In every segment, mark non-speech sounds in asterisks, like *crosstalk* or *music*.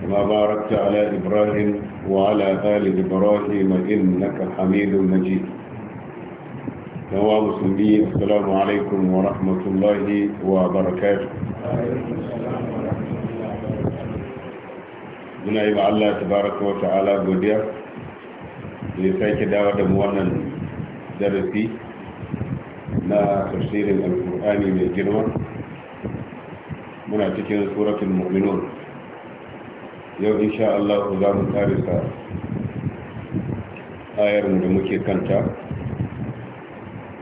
ما باركت على إبراهيم وعلى آل إبراهيم إنك حميد مجيد نواب سنبي السلام عليكم ورحمة الله وبركاته جنائب الله تبارك وتعالى قد يرى لفاك دعوة موانا درسي ما تفسير القرآن من الجنوة من سورة المؤمنون yau insha Allah za mu karisa mu da muke kanta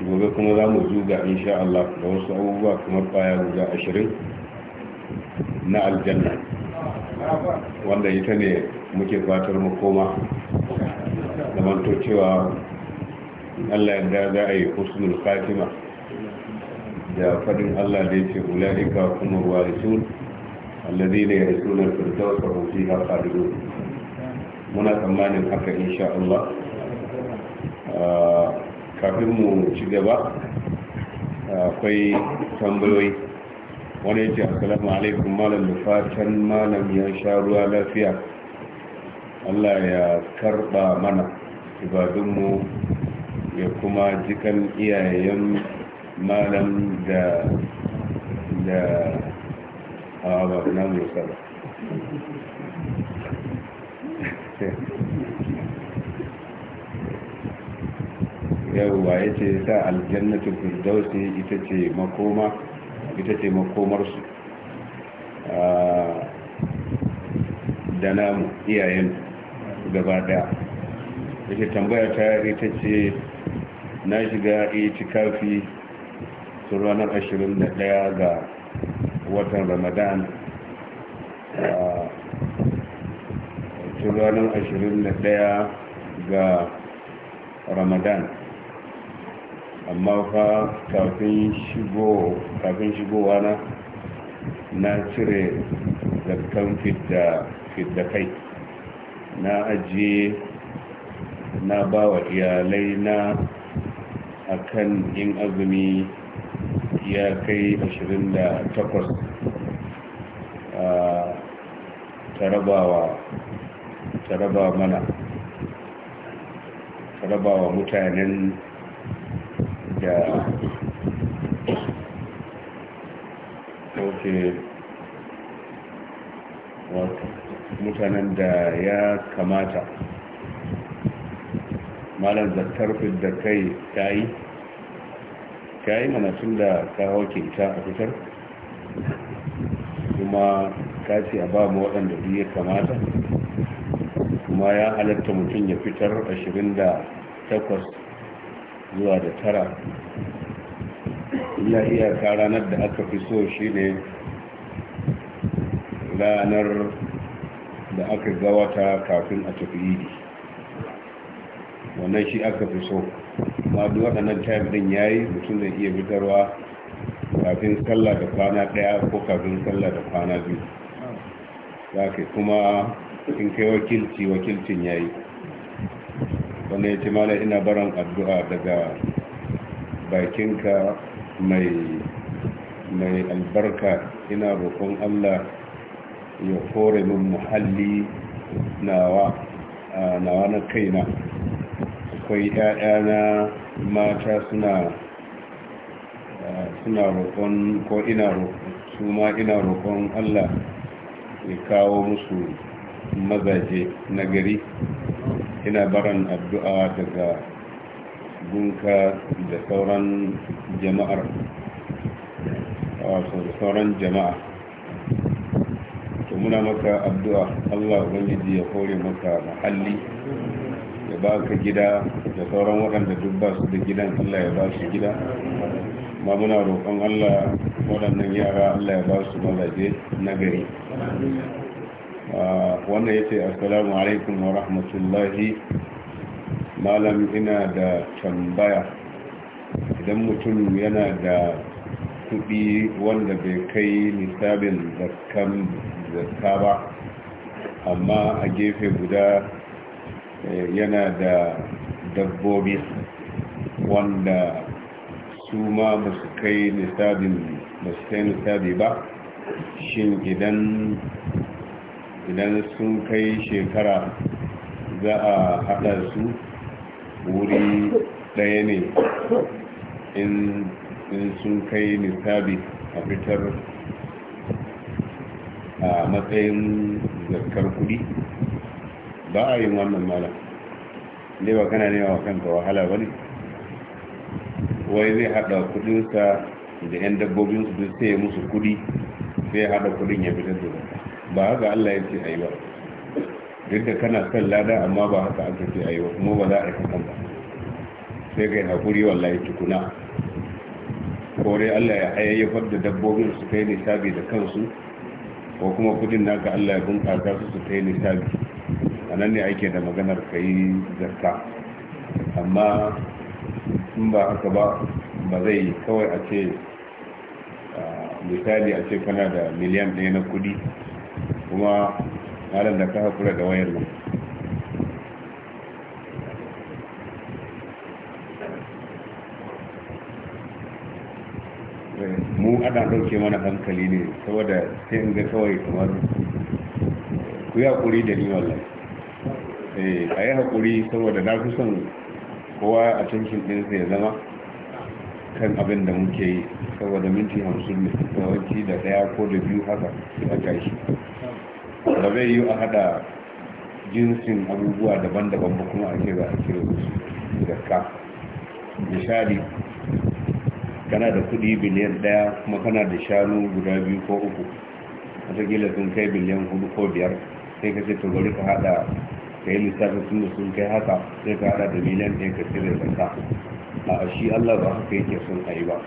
gobe kuma za mu zuga insha Allah da wasu abubuwa kamar baya guda ashirin na aljanna wanda ita ne muke fatar mu koma manto cewa Allah yadda za a yi husnul khatima da fadin Allah da ya ce ula'ika kuma warisun alladhina yarsuna al-firdaus wa fiha khalidun muna tsammanin haka insha Allah kafin mu ci gaba akwai tambayoyi wani yace assalamu alaikum malam fatan malam ya sha ruwa lafiya Allah ya karɓa mana ibadunmu ya kuma jikan iyayen malam da da a ba su namu ba yau yawwa ya ce sa aljannatul firdausi ita ce makoma ita ce makomarsu da namu iyayen gaba daya yake tambaya ta ita ce na shiga itikafi tun ranar 21 ga watan ramadan tun da 21 ga ramadan amma fa kafin shigowa na na cire zakkan fidda kai na ajiye na bawa iyalai na akan yin azumi ya kai 28 ta raba mana ta raba wa mutanen da ok mutanen da ya kamata malar zartar da kai ta yi Kayi yi manafin da ka wakilta a fitar kuma ka ce a ba mu waɗanda biyu kamata kuma ya halatta mutum ya fitar 28 zuwa da tara ina iyaka ranar da aka fi so shi ne ranar da aka gawata kafin a tafi yi wannan shi aka fi so amma duk waɗannan time ya yi mutum zai iya fitarwa kafin sallah da kwana ɗaya ko kafin sallah da kwana biyu za ka kuma in kai wakilci wakilcin yayi wanda ya ce mana ina baran addu'a daga bakinka mai mai albarka ina roƙon allah ya kore min muhalli nawa na kaina akwai 'ya'yana mata suna suna roƙon ko ina su ma ina roƙon allah ya kawo musu mazaje na gari ina baran addu'a daga gunka da sauran jama'ar wato da sauran jama'a to muna maka addu'a allah ubangiji ya kore maka mahalli ya ba ka gida da sauran waɗanda duk ba su da gidan allah ya ba su gida ma muna roƙon allah waɗannan yara allah ya ba su mazaje na gari ah, wannan ya ce assalamu alaikum wa rahmatullahi malam ina da tambaya idan mutum yana da kuɗi wanda bai kai nisabin zakka ba amma a gefe guda yana da dabbobi wanda su ma ba su kai nisabi ba shin idan sun kai shekara za a haɗa su wuri ɗaya ne in sun kai nisabi a fitar a matsayin zarkar kuɗi ba a yin wannan malam ne ba kana nema wa kanka wahala ba ne wai zai haɗa kudinsa da 'yan dabbobinsu duk sai musu kudi sai haɗa kudin ya fitar da ba haka allah ya ce a yi ba duk da kana son lada amma ba haka aka ce a yi ba kuma ba za a yi hakan ba sai kai haƙuri wallahi tukuna kore allah ya hayayyafar da dabbobin su kai nisabi da kansu ko kuma kudin naka allah ya bunƙasa su su kai nisabi a nan ne ake da maganar ka yi zarka amma in ba haka ba ba zai kawai a ce misali a ce kana da miliyan ɗaya na kudi kuma malam da ka haƙura da wayar nan mu ana ɗauke mana hankali ne saboda sai in ga kawai kamar ku yi haƙuri da ni wallahi Eh, a yi haƙuri saboda na fi son kowa a cikin ɗin ya zama kan abin da muke yi saboda minti hamsin ne yawanci da ɗaya ko da biyu haka a tashi da zai yi a hada jinsin abubuwa daban-daban ba kuma a ce a su da ka misali kana da kuɗi biliyan ɗaya kuma kana da shanu guda biyu ko uku gila sun kai biliyan hudu ko biyar sai ka ce to bari ka hada ka yi lissafin sun sun kai haka sai ka hada da miliyan ɗaya ka cire zaka a shi allah ba haka yake son kai ba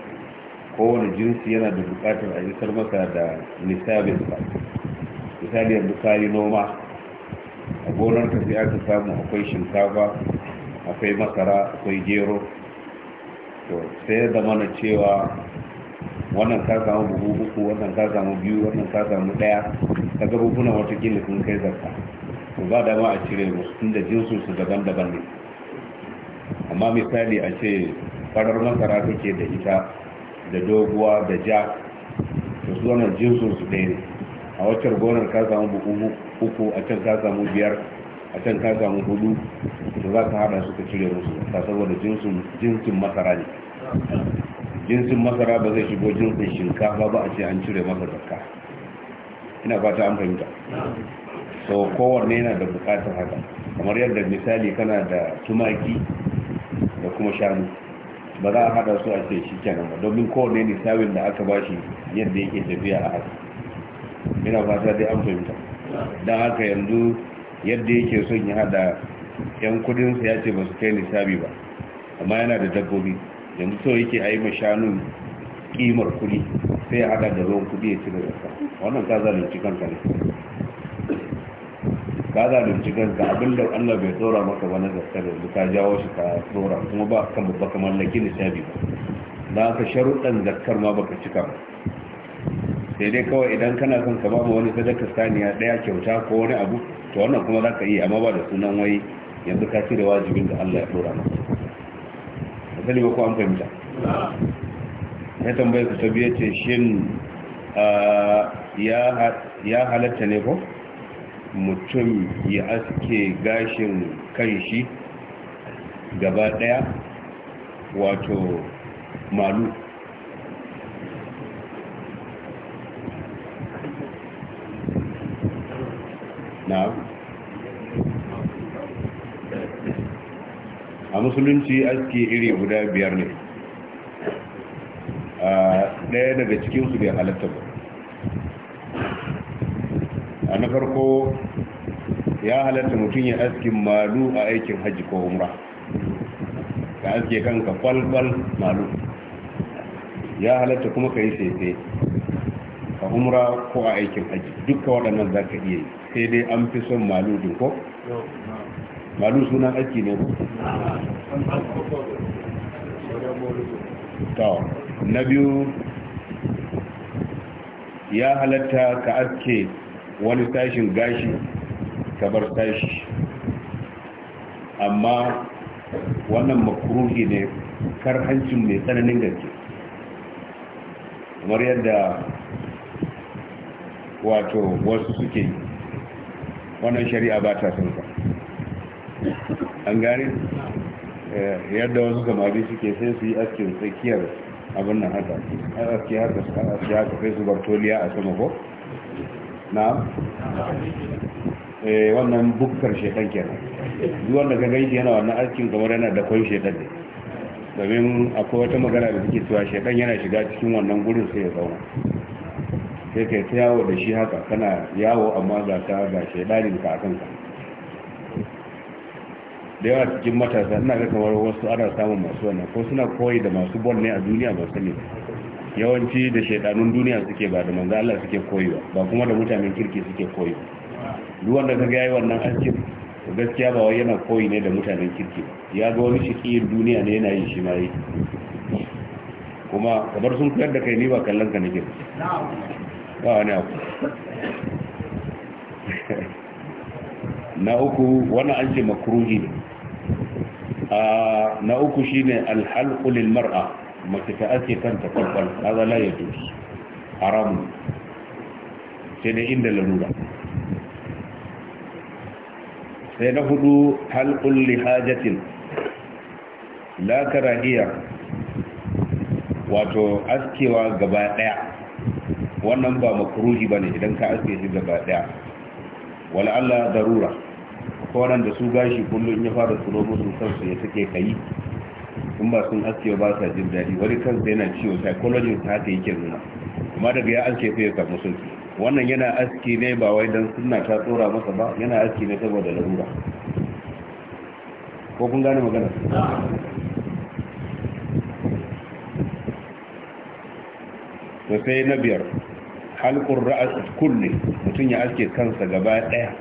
kowane jinsi yana da bukatar a isar masa da lissafin sa misali yanzu ka yi noma a gonar ka sai aka samu akwai shinkafa akwai masara akwai gero to sai da mana cewa wannan ka samu buhu uku wannan ka samu biyu wannan ka samu ɗaya ka wata watakila sun kai zarta to ba dama a cire musu tunda jinsu su daban-daban ne amma misali a ce farar masara take da ita da doguwa da ja to su wannan jinsu su ɗaya ne a waccan gonar ka samu buku uku a can ka samu biyar a can ka samu hudu to za ka hada suka cire musu ta saboda jinsin masara ne jinsin masara ba zai shigo jinsin shinkafa ba a ce an cire masa zakka ina fata an fahimta so kowanne yana da bukatar haka kamar yadda misali kana da tumaki da kuma shanu ba za a hada su a ce shi kenan ba domin kowanne ne sawin da aka ba shi yadda yake tafiya a haka ina fata dai an fahimta don haka yanzu yadda yake son ya hada yan kudinsa ya ce ba su kai lissabi ba amma yana da dabbobi yanzu so yake a yi ma shanun kimar kudi sai ya hada da ruwan kuɗi ya ci da wannan ka zalunci kanka ne ka zalunci kanka abinda Allah bai tsora maka ba na gaske da ka jawo shi ka tsora kuma ba ka babba ka mallaki sabi ba da ka sharuɗan zakkar ma baka cika ba sai dai kawai idan kana son ka ba mu wani sadaka saniya daya kyauta ko wani abu to wannan kuma za ka yi amma ba da sunan wai yanzu ka cire wajibin da Allah ya tsora maka misali ba ko an fahimta ya tambaye ku ta biye ce shin ah, ya halatta ne ko mutum ya aske gashin kanshi gaba daya wato malu na a musulunci aske iri guda biyar ne a ah, daya daga cikinsu bai halatta ba a na farko ya halatta mutum ya askin malu a aikin hajji ko umra ka aske kanka falfal malu ya halatta kuma ka yi sese a umra ko a aikin hajji duka waɗannan za ka iya yi sai dai an fi son malu din ko? malu suna aiki ne ko? to na biyu ya halatta ka aske wani tashin gashi bar tashi amma wannan makuruhi ne kar hancin mai tsananin gaske kamar yadda wato wasu suke wannan shari'a ba ta sun an gane eh, yadda wasu gamabi suke sai su yi askin tsakiyar abin nan haka a haka sai su bartoliya a sama ko na eh, wannan bukkar shekan kenan duk wanda ka gaiji yana wannan aikin kamar yana da kwan shekan ne domin akwai wata magana da suke cewa shekan yana shiga cikin wannan gurin sai ya zauna sai kai ta yawo da shi haka kana yawo amma ga ta ga shedanin ka akan da yawa cikin matasa ina ga kamar wasu ana samun masu wannan ko suna koyi da masu bol ne a duniya ba sani yawanci da shaidanun duniya suke ba da manzo Allah suke koyi ba kuma da mutanen kirki suke koyi duk wanda kaga yayi wannan aikin gaskiya ba wai yana koyi ne da mutanen kirki ya ga wani kiyin duniya ne yana yin shi ma yi kuma kamar sun koyar da kai ni ba kallon ka nake ba wani abu *laughs* na uku wannan an ce makruhi ne ah, na uku shine alhalqu lil mar'a mace ta ake kanta kwakwal kaga la ya dusu haramun sai dai inda larura sai na hudu halkun lihajatin la karahiya wato askewa gaba daya wannan ba ba ne idan ka aske shi gaba daya wala Allah darura ko nan da su gashi kullum ya fara tsoro musu kansu ya take kai in ba sun aske ba sa jin daɗi wani kansa yana ciwo psychology ta haka yake nuna amma daga ya aske kefe ya samu sauki wannan yana aski ne ba wai don suna ta tsora masa ba yana aski ne saboda larura ko kun gane magana to sai na biyar Halkun ra'as kulle Mutum ya aske kansa gaba daya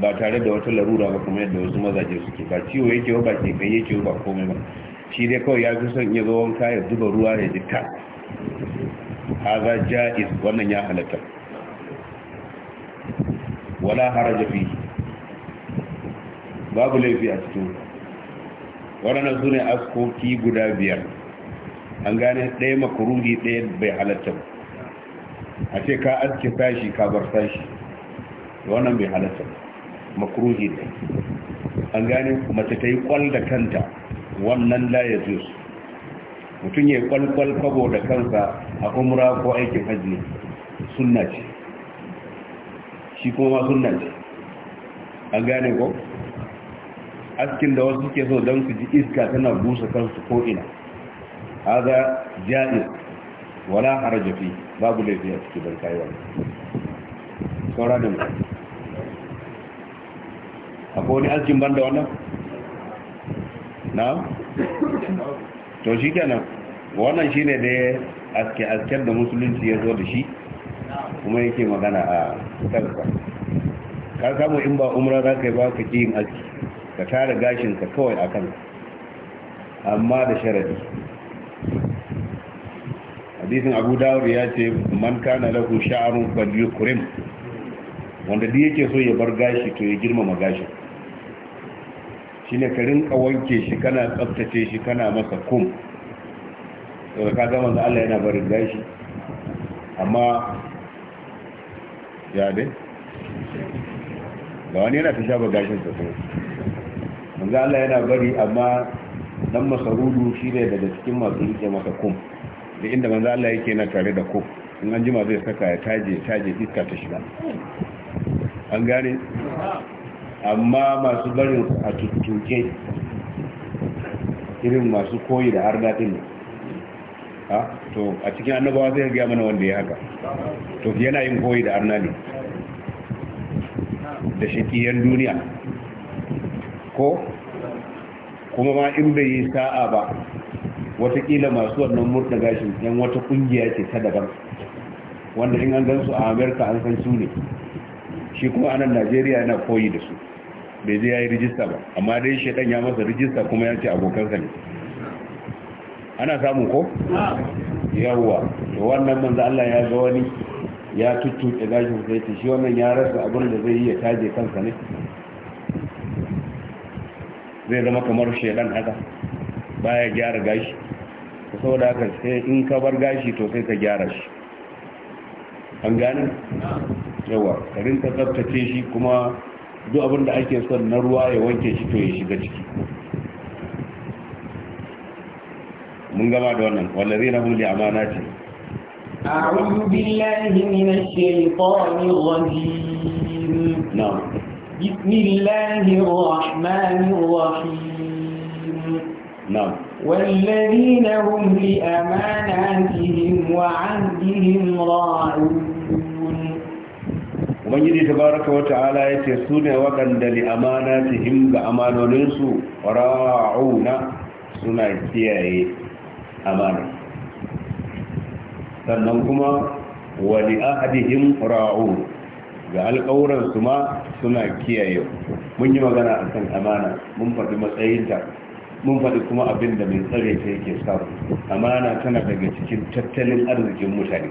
ba tare da wata larura ba kuma yadda wasu mazaje suke ba ciwo yake ba ke kai yake ba komai ba shi dai kawai ya fi son ya zo wanka ya zuba ruwa ya jikka haza ja'iz wannan ya halatta wala haraja fi babu laifi a cikin waɗannan su ne askoki guda biyar an gane ɗaya makarugi ɗaya bai halatta a ce ka aske sashi ka bar sashi wannan bai halatta makarugi ɗaya an gane mace ta yi kwal da kanta wannan la ya juz mutum ya kwalkwal kwabo da kansa a umra ko aikin hajji sunna ce shi kuma sunna ce an gane ko askin da wasu suke so don su ji iska tana busa kansu ko ina haza ja'iz wala haraja fi babu laifi a cikin barka yawon saura da mu akwai wani askin banda wannan na to shi kenan wannan shi ne da ya aske-asken da musulunci ya zo da shi kuma yake magana a karsa ka samu in ba umra za ka yi ba ka ƙi yin aski ka tara gashinka kawai a kan amma da sharadi hadisin abu dawud ya ce man kana lahu sha'arun falyukrim wanda da yake so ya bar gashi to ya girmama gashin shine ka rinka wanke shi kana tsaftace shi kana masa kum daga ka ga da Allah yana barin gashi amma ya dai ga wani yana ta shafa gashin sa kuma manzo Allah yana bari amma dan masarudu ne daga cikin masu yake masa kum da inda manzo Allah yake na tare da kum in an jima zai saka ya taje taje iska ta shiga an gane amma masu barin a tuttuke irin masu koyi da harga ɗin ha to a cikin annabawa sai ga mana wanda ya haka to yana yin koyi da arna ne da shakiyan duniya ko kuma ma in bai yi sa'a ba watakila masu wannan murna gashin yan wata kungiya ce ta daban wanda in an gan su a amerika an san su ne shi kuma anan najeriya yana koyi da su bai zai ya yi rijista ba amma dai shaidan ya masa rijista kuma ya ce abokansa ne ana samu ko? yawwa to wannan manzo Allah ya ga wani ya tuttuke gashin sai ta shi wannan ya rasa abin da zai yi ya taje kansa ne zai zama kamar shaidan haka baya gyara gashi saboda haka sai in ka bar gashi to sai ka gyara shi an gane yawa ka rinka tsabtace shi kuma duk abin da ake son na ruwa ya wanke shi to ya shiga ciki mun gama da wannan wallazi na hulli amana ce أعوذ بالله من الشيطان الرجيم نعم بسم الله الرحمن الرحيم نعم والذين هم لأماناتهم وعهدهم راعون ubangiji baraka wa ta'ala ce su ne waɗanda li ta himga amanoninsu ra'una suna kiyaye amana sannan kuma wani li ahadihim ra'un ga alƙawuransu ma suna kiyaye mun yi magana a kan amana mun faɗi matsayinta mun faɗi kuma abin da mai tsare ta yake samu amana tana daga cikin tattalin arzikin mutane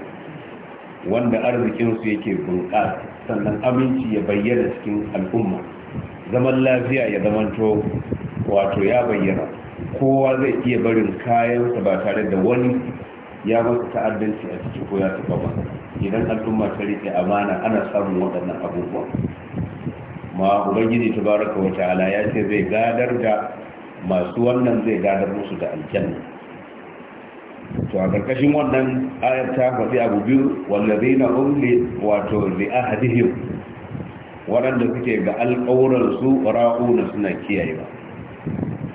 wanda arzikinsu yake bunƙasa sannan aminci ya bayyana cikin al'umma zaman lafiya ya zamanto wato ya bayyana kowa zai iya barin kayansa ba tare da wani ya masa ta'addanci a ciki ko ya taɓa ba idan al'umma ta rike amana ana samun waɗannan abubuwa ma ubangiji tabaraka wa ta'ala ya ce zai gadar da masu wannan zai gadar musu da aljanna to a ƙarƙashin wannan ayar ta faɗi abu biyu wallabe na umli wato li'ahadihim waɗanda suke ga alƙawuransu ra'una suna kiyaye ba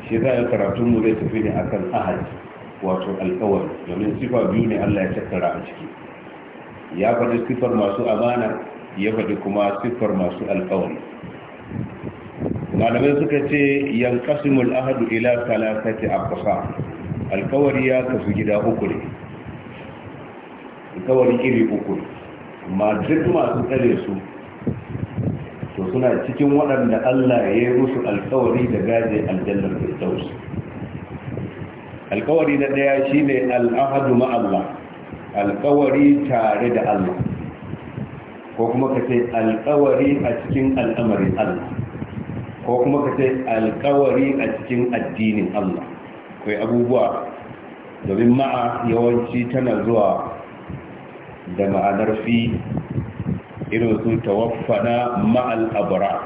shi za a karatun mu zai tafi ne akan ahad wato alƙawar domin sifa biyu ne allah ya tattara a ciki ya faɗi sifar masu amana ya faɗi kuma sifar masu alƙawar malamai suka ce yankasumul ahadu ila talatati aqsa alkawari ya kasu gida uku ne alkawari iri uku ma duk masu tsare su to suna cikin waɗanda Allah ya yi musu alkawari da gaje aljannar firdaus alkawari na ɗaya shine al'ahadu ma Allah alkawari tare da Allah ko kuma ka ce alkawari a cikin al'amarin Allah ko kuma ka ce alkawari a cikin addinin Allah akwai abubuwa domin ma'a yawanci tana zuwa da ma'anar fi irin su tawaffana ma'al abara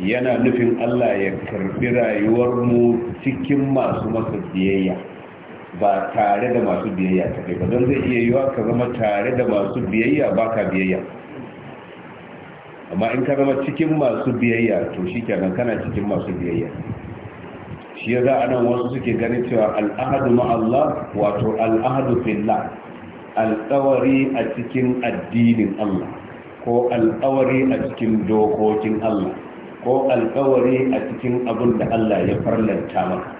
yana nufin Allah ya karbi rayuwarmu cikin masu masu biyayya ba tare da masu biyayya ta kai ba don zai iya yiwa ka zama tare da masu biyayya ba ka biyayya amma in ka zama cikin masu biyayya to shi kenan kana cikin masu biyayya shi ya za a nan wasu suke ganin cewa al'ahadu ma'allah wato al'ahadu fillah alƙawari a cikin addinin Allah ko alƙawari a cikin dokokin Allah ko alƙawari a cikin abin da Allah ya farlanta maka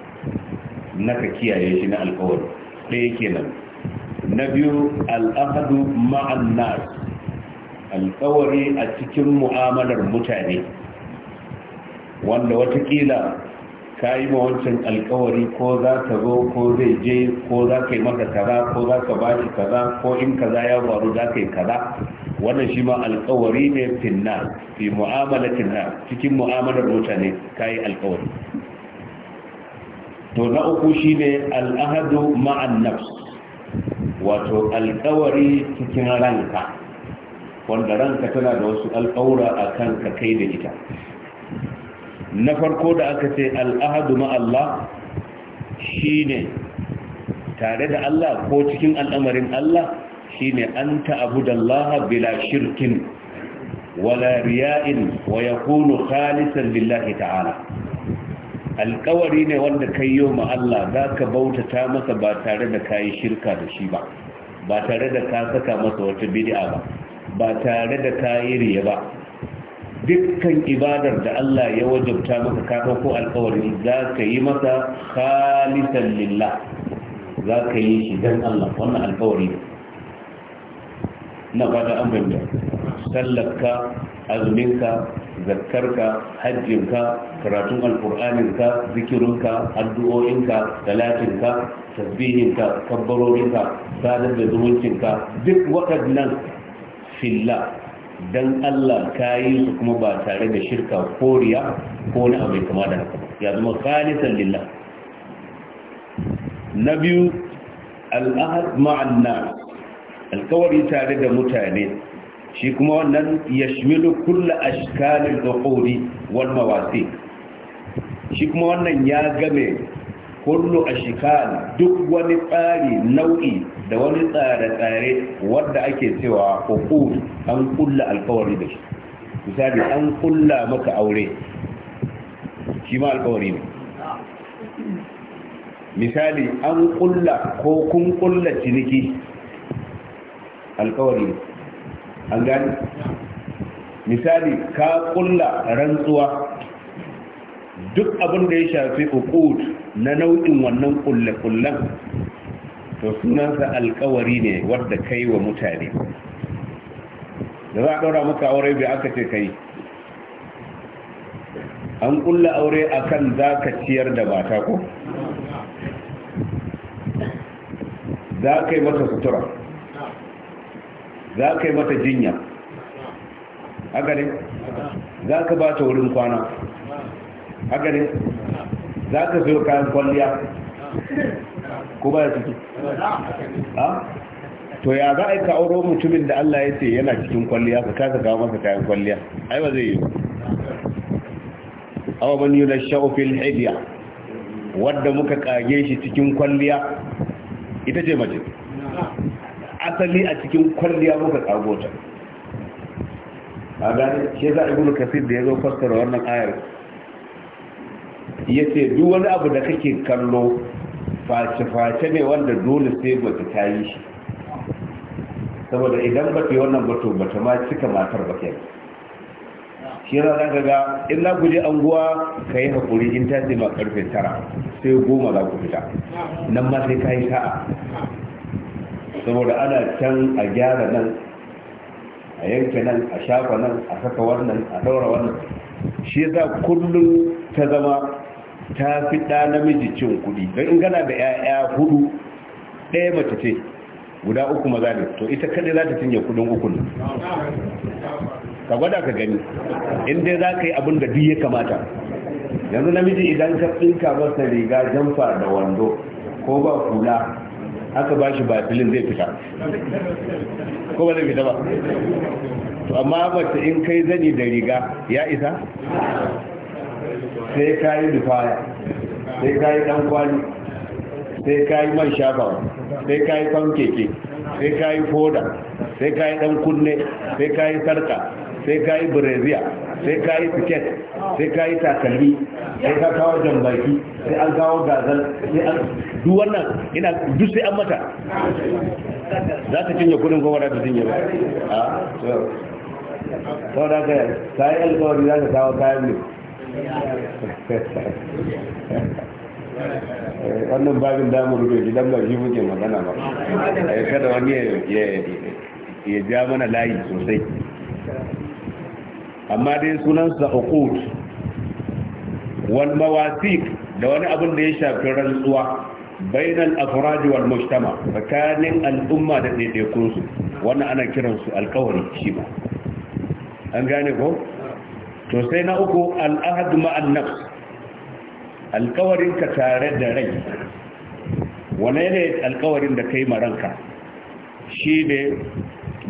na ka kiyaye shi na alƙawari ɗaya kenan na biyu al'ahadu ma'annas alƙawari a cikin mu'amalar mutane wanda watakila ka yi ma wancan alkawari ko za ka zo ko zai je ko za ka yi maka kaza ko za ka ba shi kaza ko in kaza ya faru za ka yi kaza wannan shi ma alkawari ne finna fi mu'amala finna cikin mu'amalar mutane ka yi alkawari to na uku shi ne al'ahadu ma'an nafs wato alkawari cikin ranka wanda ranka tana da wasu alkawura a ka kai da ita na farko da aka ce al'ahadu ma'allah shi ne tare da Allah ko cikin al'amarin Allah shi ne an ta'abu da Allah bila shirkin wala riya'in wa ya kunu khalisan lillahi ta'ala alkawari ne wanda kai yau Allah za ka bautata masa ba tare da ka yi shirka da shi ba ba tare da ka saka masa wata bidi'a ba ba tare da ka yi riya ba dukkan ibadar da Allah ya wajabta maka ka ɗauko alkawari za ka yi masa khalisan lillah za ka yi shi Allah wannan alkawari na fata an fahimta sallarka azuminka zakkarka hajjinka karatun alkur'aninka zikirinka addu'o'inka talatinka tasbihinka kabbarorinka sadar da zumuncinka duk waɗannan filla dan Allah ka yi su kuma ba tare da shirka koriya ko na abu kama da haka ya zama khalisan lillah na biyu al'ahad ma'an alkawari tare da mutane shi kuma wannan ya shimilu kulla ashkalin alƙawari wani mawasi shi kuma wannan ya game kullu a ashikal duk wani tsari nau'i da wani tsare-tsare wadda ake cewa hukur an kulla alkawari da shi misali an kulla maka aure shi ma alkawari ne misali an kulla ko kun kulla ciniki alkawari ne an gani misali ka kulla rantsuwa duk abin da ya shafi hukud na nau'in wannan kullakullan to sunansa alkawari ne wadda kai wa mutane da za a ɗaura maka aure bai aka ce kai an kulle aure akan za ka ciyar da mata ko za ka yi mata sutura za ka yi mata jinya haka ne za ka ba ta wurin kwana haka ne za ka sayo kayan kwalliya ko ba ya ciki to ya za a yi ka'uro mutumin da Allah ya ce yana cikin kwalliya ka kasa kawo masa kayan kwalliya ai ba zai yi awa man yi na sha'ufin hidiya wadda muka kage shi cikin kwalliya ita ce mace asali a cikin kwalliya muka kago ta a gani shi za a gudu kasir da ya zo fassara wannan ayar ya ce duk wani abu da kake kallo face-face ne wanda dole sai ba ta yi shi saboda idan ba ta yi wannan bato ba ta ma cika matar ba ke shi yana za ka ga in na guje anguwa ka yi haƙuri in ta ce ma karfe tara sai goma za ku fita nan ma sai ka yi sa'a saboda ana can a gyara nan a yanke nan a shafa nan a saka wannan a daura wannan shi yasa kullum ta zama ta fi ɗa namiji cin kuɗi don in gana da 'ya'ya hudu ɗaya mace ce guda uku maza ne to ita kaɗai za ta cinye kuɗin uku ne. ka gwada ka gani inda dai za ka yi abin da duk ya kamata yanzu namiji idan ka tsinka masa riga jamfa da wando ko ba kula aka ba shi batilin zai fita ko ba zai fita ba to amma mace in kai zani da riga ya isa sai ka yi dufaya sai ka yi ɗan kwali sai ka yi man shafawa sai ka yi fankeke sai ka yi foda sai ka yi ɗan kunne sai ka yi sarka sai ka yi brezia sai ka yi tiket sai ka yi takalmi sai ka kawo jambaki sai an kawo gazal sai an duk wannan ina duk sai an mata za ta cinye kudin kuma da ta cinye ba a sau da ka yi alkawari za ta kawo kayan ne Eh, wannan babin damu rufe shi dan ba shi muke magana ba yi eh, kada wani ya ja mana layi sosai amma dai sunansa uqud wani mawasiq da wani abin da ya shafi rantsuwa bainal afraj wal mujtama tsakanin al'umma da ɗaiɗaikunsu wannan ana kiransu alkawari shi ba an gane ko to sai na uku al'ahad ma'an nafs ka tare da rai wane ne alƙawarin da kai maranka shi ne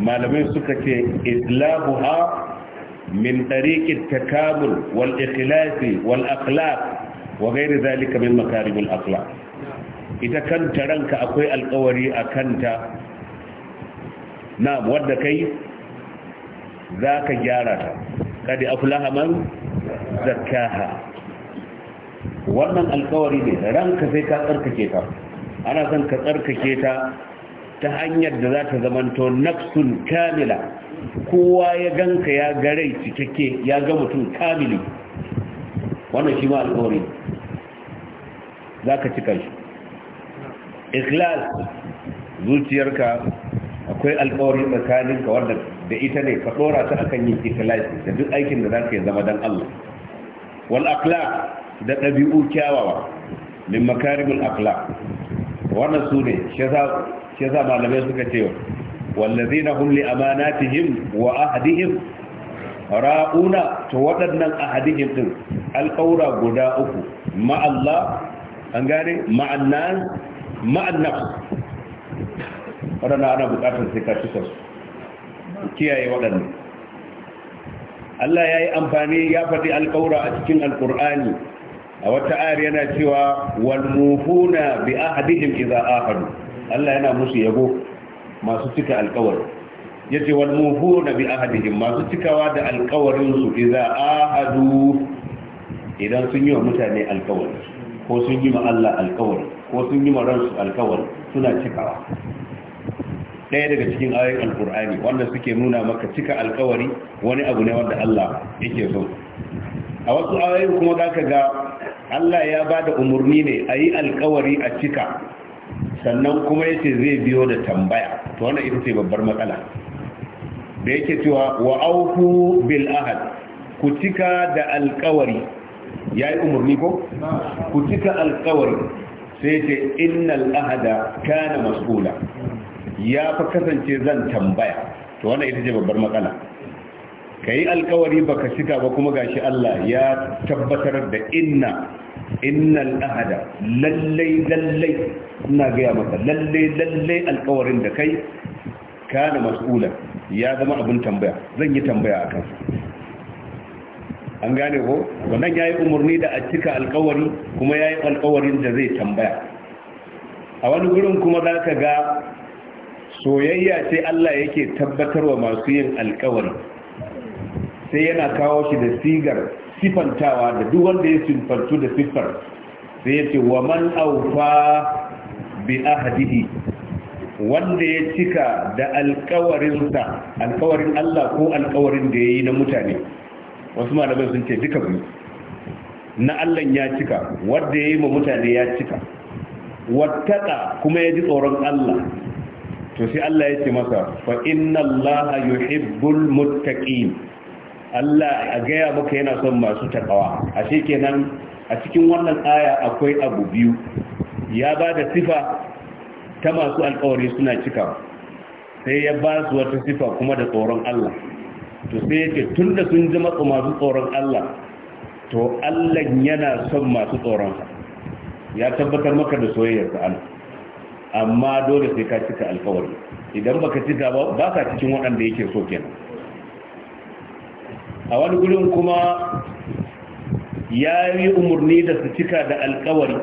malamai suka ce ha min tariqit takamul wal ikhlasi wal wa ghairi zalika min makarimul akhlaq ita kanta ranka akwai alkawari a kanta na wadda kai za ka gyara ta kadi aflaha man zakkaha wannan alƙawari ne ranka sai ka tsarkake ta ana son ka tsarkake ta ta hanyar da za ta zamanto naftun kamila kowa ya ganka ya garai cikakke ya ga mutum kamili wannan shi ma alkawari za ka cika shi ikhlas zuciyarka akwai alkawari tsakanin ka wanda da ita ne ka dora ta akan yin ikhlasi da duk aikin da zaka yi zama dan Allah wal akhlaq da dabi'u kyawawa min makarimul akhlaq wannan su ne yasa shi yasa malamai suka ce wallazina hum li amanatihim wa ahdihim ra'una to waɗannan ahadihim din alƙaura guda uku ma Allah an gane ma'annan ma'annaf waɗanda ana buƙatar sai ka cika su kiyaye waɗanda Allah ya yi amfani ya faɗi alƙawura a cikin alƙur'ani a wata ayar yana cewa wal mufuna bi ahadihim idza ahadu Allah yana musu yabo masu cika alƙawari yace wal mufuna bi ahadihim masu cikawa da alƙawarin su idza ahadu idan sun yi wa mutane alƙawari ko sun yi ma Allah alƙawari ko sun yi ma ransu alƙawari suna cikawa ɗaya daga cikin ayoyin alkur'ani wanda suke nuna maka cika alkawari wani abu ne wanda Allah yake so a wasu ayoyin kuma za ka ga Allah ya ba da umarni ne a yi alkawari a cika sannan kuma ya ce zai biyo da tambaya to wannan ita ce babbar matsala da yake cewa wa auku bil ahad ku cika da alkawari ya yi umarni ko? ku cika alkawari sai ce innal ahada kana mas'ula ya fa kasance zan tambaya to wannan ita ce babbar matsala ka yi alkawari baka cika ba kuma gashi Allah ya tabbatar da inna innal ahada lallai lallai ina gaya maka lallai lallai alkawarin da kai kana mas'ula ya zama abin tambaya zan yi tambaya akan an gane ko wannan yayi umurni da a cika alkawari kuma yayi alkawarin da zai tambaya a wani gurin kuma zaka ga soyayya ce Allah yake tabbatarwa masu yin alkawari sai yana kawo shi da sigar sifantawa da duk wanda ya sifantu da sifar sai ya ce wa man aufa bi hadihi wanda ya cika da alkawarinsa alkawarin Allah ko alkawarin da ya yi na mutane wasu malamai sun ce duka biyu na Allah ya cika wanda ya yi ma mutane ya cika wattaka kuma ya ji tsoron Allah to sai Allah ya ce masa fa inna Allah yuhibbul muttaqin Allah a gaya maka yana son masu takawa ashe kenan a cikin wannan aya akwai abu biyu ya ba da sifa ta masu alkawari suna cika sai ya ba su wata sifa kuma da tsoron Allah to sai yake tun da sun zama masu tsoron Allah to Allah yana son masu sa ya tabbatar maka da soyayyarsa Allah amma dole sai ka cika alkawari idan baka cika ba ba ka cikin waɗanda yake so kenan a wani gurin kuma ya yi umarni da su cika da alkawari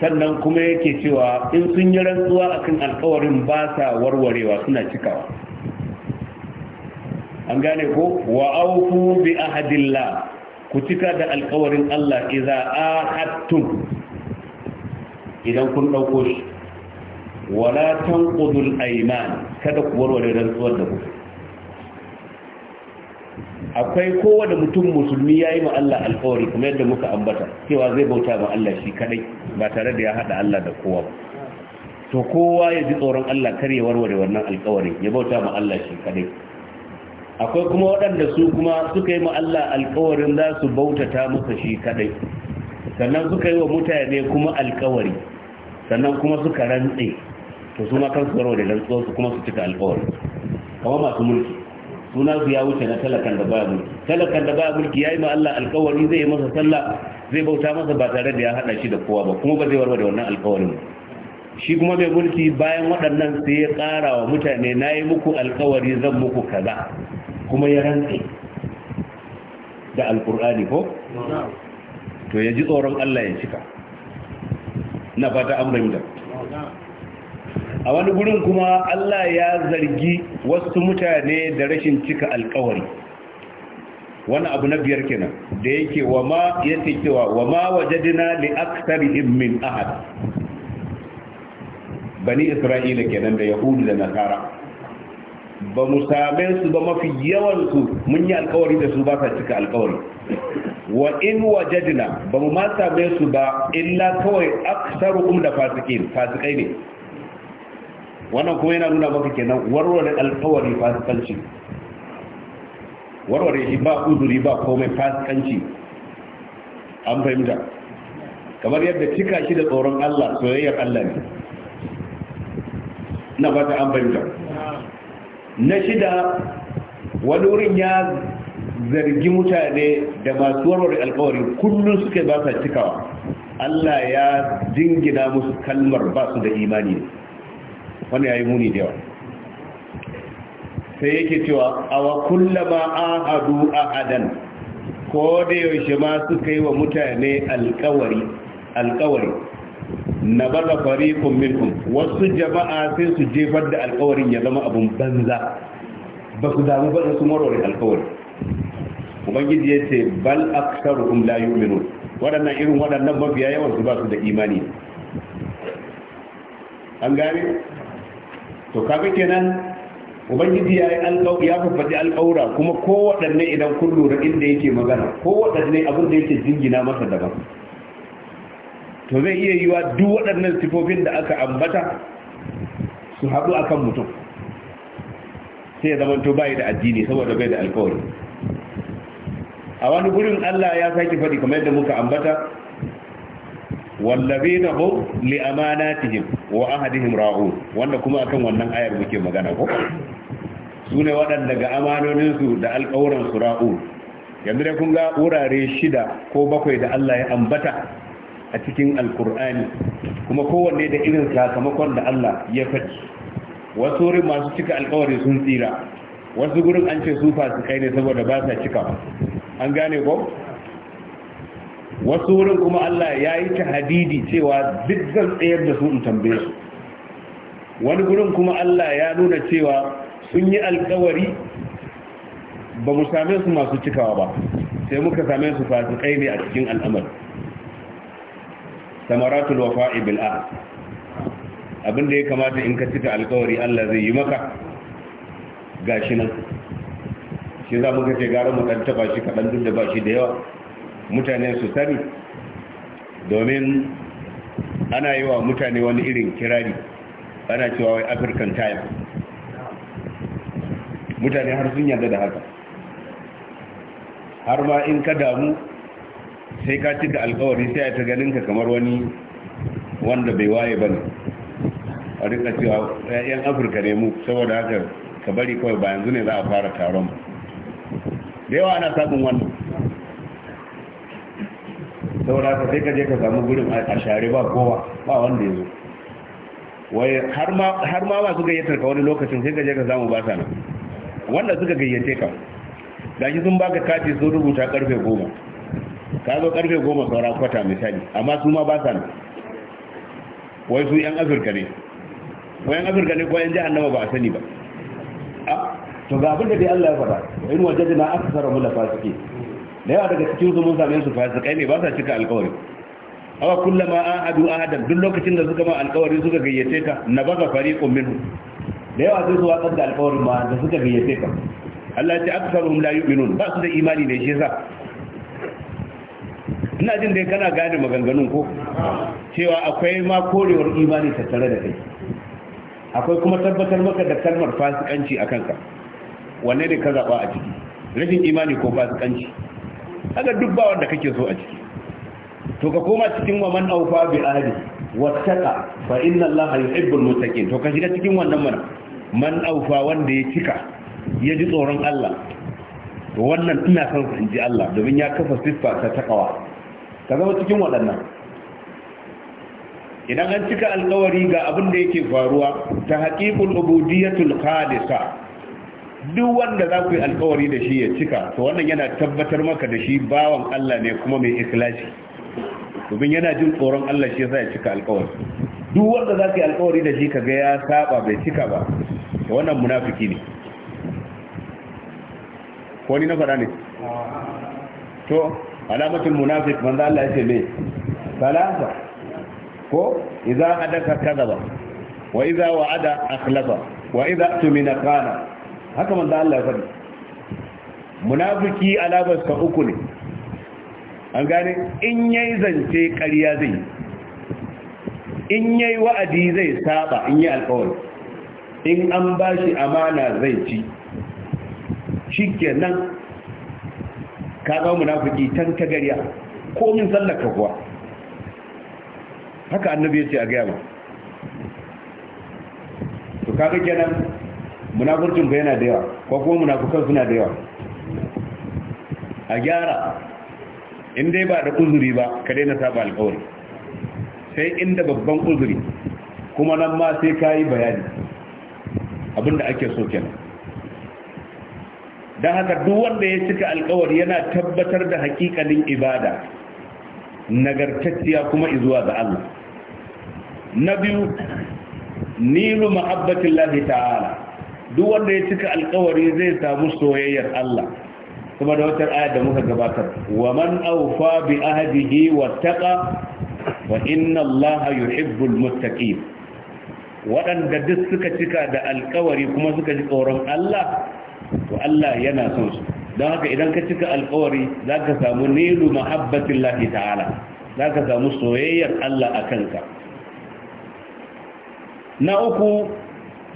sannan kuma yake cewa in sun yi rantsuwa akan alkawarin ba sa warwarewa suna cikawa an gane ko wa aufu bi ahadillah ku cika da alkawarin Allah idza ahadtum idan kun dauko shi wala tanqudul aiman kada ku warware rantsuwar da ku. akwai kowane mutum musulmi yayi ma Allah alƙawari kuma yadda muka ambata cewa zai bauta ma Allah shi kadai ba tare da ya hada Allah da kowa to kowa ya ji tsoron Allah kar ya warware wannan alƙawarin ya bauta ma Allah shi kadai akwai kuma waɗanda su kuma suka yi ma Allah alƙawarin za su bautata masa shi kadai sannan suka yi wa mutane kuma alƙawari sannan kuma suka rantse to su ma kan su karo da rantsuwar su kuma su cika alƙawari kuma masu mulki suna su ya wuce na talakan da baya mulki talakan da baya mulki yayi ma Allah alƙawari zai yi masa sallah zai bauta masa ba tare da ya hada shi da kowa ba kuma ba zai warware wannan alkawarin shi kuma mai mulki bayan waɗannan sai ya ƙara wa mutane na yi muku alƙawari zan muku kaza kuma ya rantse da alƙur'ani ko to ya ji tsoron Allah ya cika na fata an bayyana a wani gurin kuma Allah ya zargi wasu mutane da rashin cika alkawari wani abu na biyar kenan da yake wa ma yake cewa wa ma wajadina li aktharihim min ahad bani isra'ila kenan da yahudu da nasara ba mu same su ba mafi yawan su mun yi alkawari da su ba sa cika alkawari wa in wajadina ba mu ma same su ba illa kawai aktsaru um da fasikin fasikai ne wannan kuma yana nuna maka kenan warware alkawari fasikanci warware shi ba uzuri ba komai fasikanci an fahimta kamar yadda cika shi da tsoron Allah soyayyar Allah ne na fata an fahimta na shida wani wurin ya zargi mutane da masu warware alkawari kullum suke ba sa cikawa Allah ya jingina musu kalmar ba su da imani ne Wani ya yi muni da yawa sai yake cewa a a hadu ahadu ahadan ko da yaushe ma suka yi wa mutane alkawari alkawari na baza fariqun minkum wasu jama'a sai su jefar da alkawarin ya zama abin banza ba su damu ba su marori alkawari ubangiji ya ce bal aksaruhum la yu'minun waɗannan irin waɗannan mafiya yawan su ba su da imani an gane to kaga kenan ubangiji ya yi ya faɗi alƙaura kuma kowaɗanne idan kun lura inda yake magana kowaɗanne abin da yake jingina masa daban to zai iya yiwa duk waɗannan sifofin da aka ambata su haɗu akan mutum sai ya zamanto bayi da addini saboda bai da alƙawari a wani gurin allah ya sake faɗi kamar yadda muka ambata wallazina hum li amanatihim wa ahadihim ra'un wanda kuma akan wannan ayar muke magana ko sune waɗanda ga amanonin su da alƙawuran su ra'un yanzu dai kun ga wurare shida ko bakwai da Allah ya ambata a cikin alkur'ani kuma kowanne da irin sakamakon da Allah ya faɗi wasu wurin masu cika alƙawari sun tsira wasu gurin an ce su fasu ne saboda ba sa cika an gane ko wasu wurin kuma Allah ya yi ta hadidi cewa duk zan tsayar da su in tambaye su wani wurin kuma Allah ya nuna cewa sun yi alkawari ba mu same su masu cikawa ba sai muka same su kai ne a cikin al'amari samaratul wafa'i bil ahd abin da ya kamata in ka cika alkawari Allah zai yi maka gashi nan shi za mu ga ce gara mu dan taba shi kadan duk da ba shi da yawa mutane su sani domin ana yi wa mutane wani irin kirari ana cewa wai african time mutane har sun yarda da haka har ma in ka damu sai ka cika alkawari sai ta ganin ka kamar wani wanda bai waye ba ne a rika cewa yan afirka ne mu saboda haka ka bari kawai ba yanzu ne za a fara taron da yawa ana samun wannan saboda ka sai ka je ka samu gurin a share ba kowa ba wanda ya zo wai har ma har ma masu gayyatar ka wani lokacin sai ka je ka samu ba sa nan wanda suka gayyace ka gashi sun baka kati sun rubuta karfe goma ka zo karfe goma saura kwata misali amma su ma ba sa nan wai su yan afirka ne wai yan afirka ne ko yan nama ba a sani ba ah, to ga abin da dai Allah ya fara in wajadna aksara mu la fasiki da yawa daga cikin su mun same su fasikai ne ba sa cika alkawari awa kullama ahadu ahadan duk lokacin da suka ma alkawari suka gayyace ka na baka fariqun minhu da yawa sai su watsar da alƙawarin ma da suka gayyace ka Allah ya ce aktsaruhum la yu'minun ba su da imani ne shi yasa ina jin dai kana gane maganganun ko cewa akwai ma korewar imani tattare da kai akwai kuma tabbatar maka da kalmar fasikanci a kanka wanne ne ka zaba a ciki rashin imani ko fasikanci kaga duk ba wanda kake so a ciki to ka koma cikin wa man aufa bi ahli wattaqa fa inna allaha yuhibbul muttaqin to ka shiga cikin wannan mana man aufa wanda ya cika ya ji tsoron Allah to wannan ina son in ji Allah domin ya kafa siffa ta taqwa ka zama cikin waɗannan idan an cika alƙawari ga abin da yake faruwa ta haqiqul ubudiyatul khalisa duk wanda za ku yi alkawari da shi ya cika to wannan yana tabbatar maka da shi bawan Allah ne kuma mai ikhlasi domin yana jin tsoron Allah shi yasa ya cika alkawari duk wanda za ku yi alkawari da shi kaga ya saba bai cika ba to wannan munafiki ne ko ni na faɗa ne to alamatul munafiq manzo Allah ya ce me salasa ko idza hadaka kadaba wa idza wa'ada akhlafa wa idza tumina qala haka manzo Allah ya faɗi munafiki alamar ka uku ne an gane in yayi zance ƙarya zai in yayi wa'adi zai saba in yi alƙawari in an ba shi amana zai ci shikenan ka ga munafiki tan ta gariya ko min sallaka kuwa haka annabi ya ce a gaya ba to kaga kenan munafurcin ba yana da yawa ko kuma munafukan suna da yawa a gyara inda ba da uzuri ba ka daina saba alkawari sai inda babban uzuri kuma nan ma sai ka yi bayani abinda ake so kenan don haka duk wanda ya cika alkawari yana tabbatar da hakikalin ibada nagartacciya kuma izuwa ga Allah na biyu nilu mahabbatin ta'ala duk wanda ya cika alkawari zai samu soyayyar Allah kuma da wata aya da muka gabatar wa man awfa bi ahdihi wattaqa wa inna Allah yuhibbul muttaqin waɗanda duk suka cika da alkawari kuma suka ji tsoron Allah to Allah yana son su don haka idan ka cika alkawari za ka samu nilu mahabbatin lafi ta'ala za ka samu soyayyar Allah a kanka na uku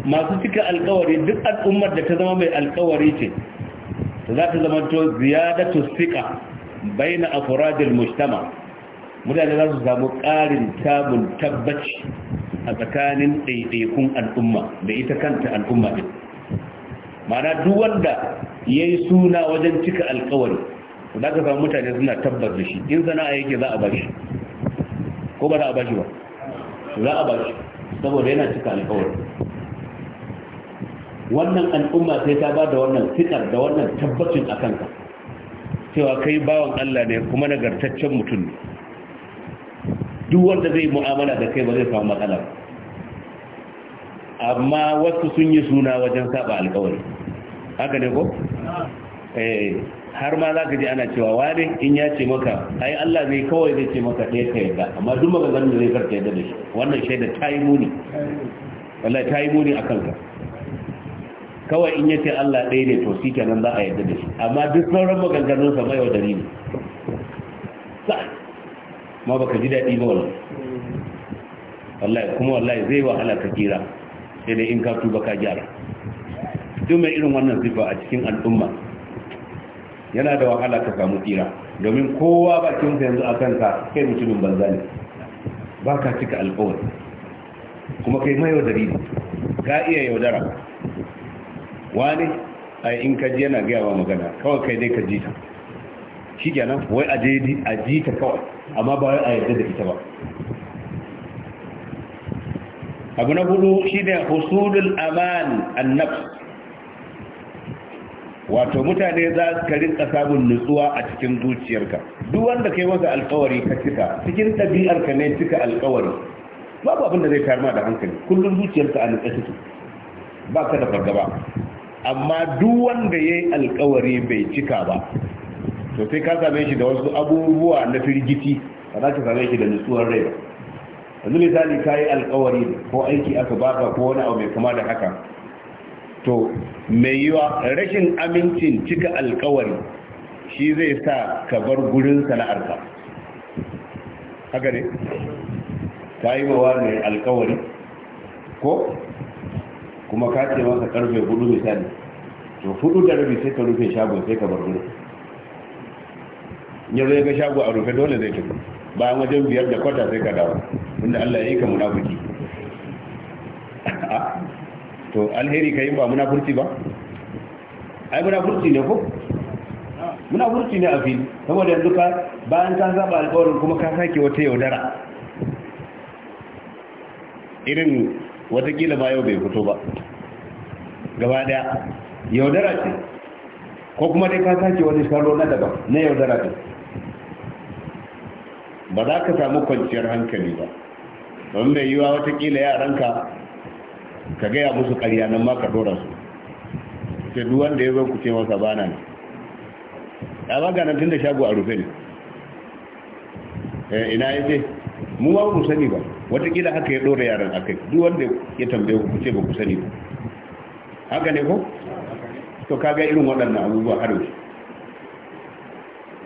masu cika alkawari duk al'ummar da ta zama mai alkawari ce za ta zama to ziyadatu sika baina afradil mujtama mutane za su samu ƙarin tabun tabbaci a tsakanin ɗaiɗaikun al'umma da ita kanta al'umma ɗin mana duk wanda ya yi suna wajen cika alkawari za ka samu mutane suna tabbas da shi in sana'a yake za a ba shi ko ba za a ba shi ba za a ba shi saboda yana cika alkawari wannan al'umma sai ta ba da wannan fitar da wannan tabbacin a kanka cewa kai bawan Allah ne kuma nagartaccen mutum ne duk wanda zai mu'amala da kai ba zai samu matsala amma wasu sun yi suna wajen saba alkawari haka ne ko? Eh, har ma za ka ji ana cewa wani in ya ce maka ai Allah zai kawai zai ce maka ɗaya ka yadda amma duk maganar da zai karka yadda da shi wannan shaida ta yi muni wallahi ta yi muni a kanka kawai in yace Allah ɗaya ne to shi kenan za a yarda da shi amma duk sauran maganganun sa mai wadari ne ma baka ji daɗi ba wannan wallahi kuma wallahi zai wahala ka kira sai dai in ka tuba ka gyara duk mai irin wannan sifa a cikin al'umma yana da wahala ka samu tsira domin kowa ba sa yanzu akan ka kai mutumin banza ne ba ka cika alƙawari kuma kai mai wadari ne ka iya yaudara wani yi in ka ji yana gaya wa magana kawai kai dai ka ji ta shi kenan wai a je a ji ta kawai amma ba wai a yarda da ita ba abu na hudu shi ne husulul aman annabs wato mutane za su karin samun nutsuwa a cikin zuciyarka duk wanda kai masa alkawari ka cika cikin ɗabi'arka ne cika alkawari babu abin da zai karma da hankali kullum zuciyarka a nutsa ciki ba ka da fargaba amma duk wanda yayi alkawari bai cika ba to sai ka same shi da wasu abubuwa na firgiti ba za ka same shi da nutsuwar rai ba yanzu misali ka yi alkawari ko aiki aka baka ko wani abu mai kama da haka to mai yiwa rashin amincin cika alkawari shi zai sa ka bar gurin sana'arka haka ne ka yi mawa ne alkawari ko kuma ka ce masa karfe hudu misali to hudu da rabi sai ka rufe shago sai ka bar wurin ya zai ga shago a rufe dole zai tafi ba a wajen biyar da kwata sai ka dawo inda Allah ya yi ka munafiki *laughs* to alheri ka yi ba munafurci ba ai munafurci ne ko munafurci ne a fili saboda yanzu ka bayan ka saba alkawarin kuma ka sake wata yaudara irin watakila ma yau bai fito ba gaba daya yaudara ce ko kuma dai ka sake wani salo na daban na yaudara ce ba za ka samu kwanciyar hankali ba don mai yiwa watakila yaranka ka gaya musu karya nan ma ka dora su ce duwan da ya zo ku ce masa na ne ya ba ganin tun da shago a rufe ne eh, ina ya ce mu ba mu sani ba watakila haka ya dora yaran akai duk wanda ya tambaye ku ce ba ku sani ba haka ne ko to kaga irin waɗannan abubuwa har yanzu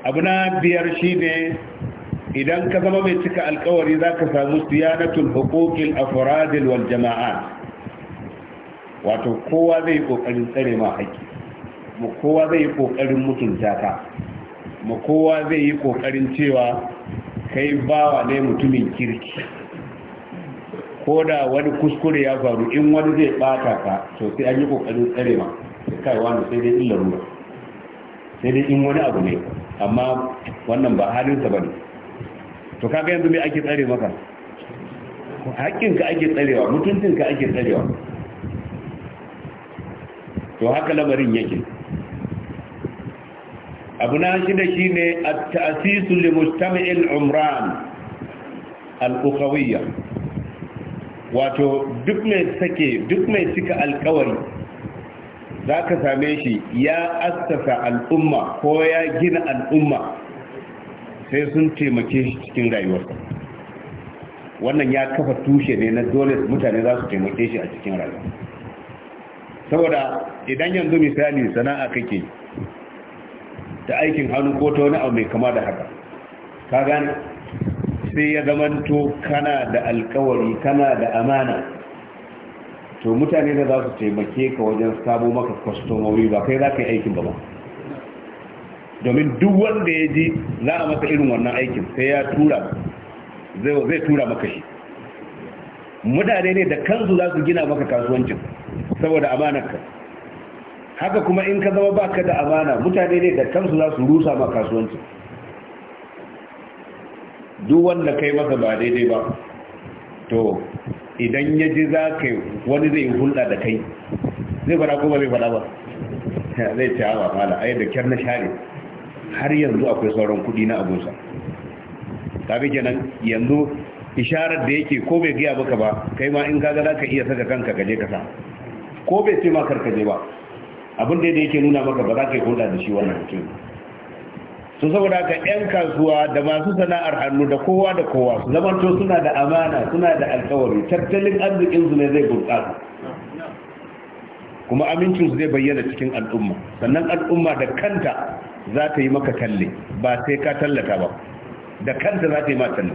abu na biyar shine idan ka zama mai cika alkawari za ka samu siyanatul hukukin afuradil wal jama'a wato kowa zai yi kokarin tsare ma haƙƙi mu kowa zai yi kokarin mutunta ka mu kowa zai yi kokarin cewa kai bawa ne mutumin kirki ko da wani kuskure ya faru in wani zai bata ka to sai an yi kokarin tsare ma kai wani sai dai illar ruwa sai dai in wani abu ne amma wannan ba halinsa ba ne to kaga yanzu me ake tsare maka ka ake tsarewa mutuncinka ake tsarewa to haka lamarin yake abu na shida shine at-ta'sis li mujtama' umran al-ukhawiyya wato duk mai sake duk mai cika alkawari zaka same shi ya assasa al'umma ko ya gina al'umma sai sun taimake shi cikin rayuwarsa wannan ya kafa tushe ne na dole mutane za su taimake shi a cikin rayuwa saboda idan yanzu misali sana'a kake ta aikin hannu ko ta wani abu mai kama da haka ka gane sai ya zamanto kana da alkawari kana da amana to mutane da za su taimake ka wajen sabo maka kwastomori ba kai za ka yi aikin ba ba domin duk wanda ya ji za a masa irin wannan aikin sai ya tura zai tura maka shi mutane ne da kansu za su gina maka kasuwancin saboda amanar ka. haka kuma in ka zama baka da amana mutane ne da kansu za su rusa ma kasuwanci duk wanda kai masa ba daidai ba to idan ya ji za ka wani zai hulɗa da kai zai fara kuma zai fara ba zai ce hawa mala ayi da kyar na share har yanzu akwai sauran kuɗi na abunsa tabi kenan yanzu isharar da yake ko bai giya maka ba kai ma in ga za ka iya saka kanka gaje ka sa ko bai ce ma karkaje ba abin da yake nuna maka ba za ka yi hulɗa da shi wannan mutum su saboda ka yan kasuwa da masu sana'ar hannu da kowa da kowa su zamanto suna da amana suna da alkawari tattalin arzikin su ne zai bunƙasa kuma amincin su zai bayyana cikin al'umma sannan al'umma da kanta za ta yi maka talle ba sai ka tallata ba da kanta za ta yi maka talle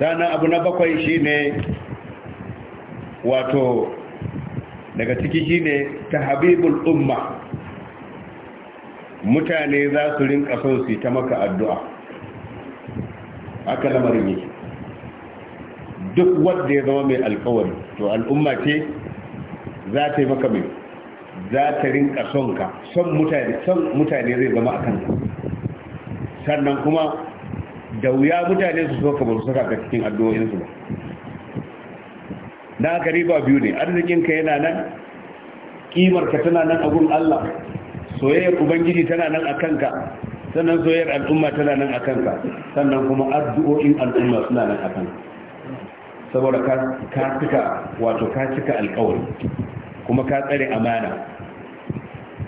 sannan abu na bakwai shine wato daga ciki shine habibul umma mutane za su rinka son su ta maka addu'a aka lamar yake duk wanda ya zama mai alkawari to al'umma ce za ta yi maka mai za ta rinka son ka son mutane son mutane zai zama a kanka sannan kuma da wuya mutane su so ka ba su saka ka cikin addu'o'insu ba da aka riba biyu ne arzikinka yana nan ƙimarka tana nan a gun Allah soyayyar ubangiji tana nan a kanka sannan soyayyar al'umma tana nan a kanka sannan kuma addu'o'in al'umma suna nan a kanka saboda ka cika wato ka cika alkawari kuma ka tsare amana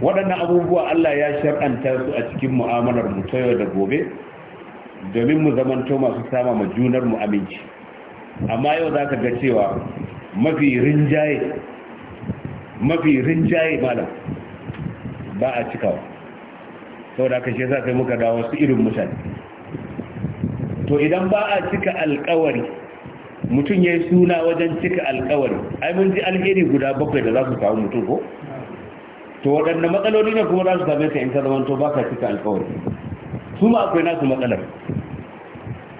waɗannan abubuwa Allah ya shar'anta su a cikin mu'amalar mu ta yau da gobe domin mu zamanto masu sama ma junar mu aminci amma yau za ka ga cewa mafi rinjaye mafi rinjaye malam ba a cikawa saboda da kashe za ka yi muka da wasu irin mutane to idan ba a cika alkawari mutum ya yi suna wajen cika alkawari ai mun ji alheri guda bakwai da za su kawo mutum ko to waɗanne matsaloli ne kuma za su same ka in ka zamanto ba ka cika alkawari su ma akwai nasu matsalar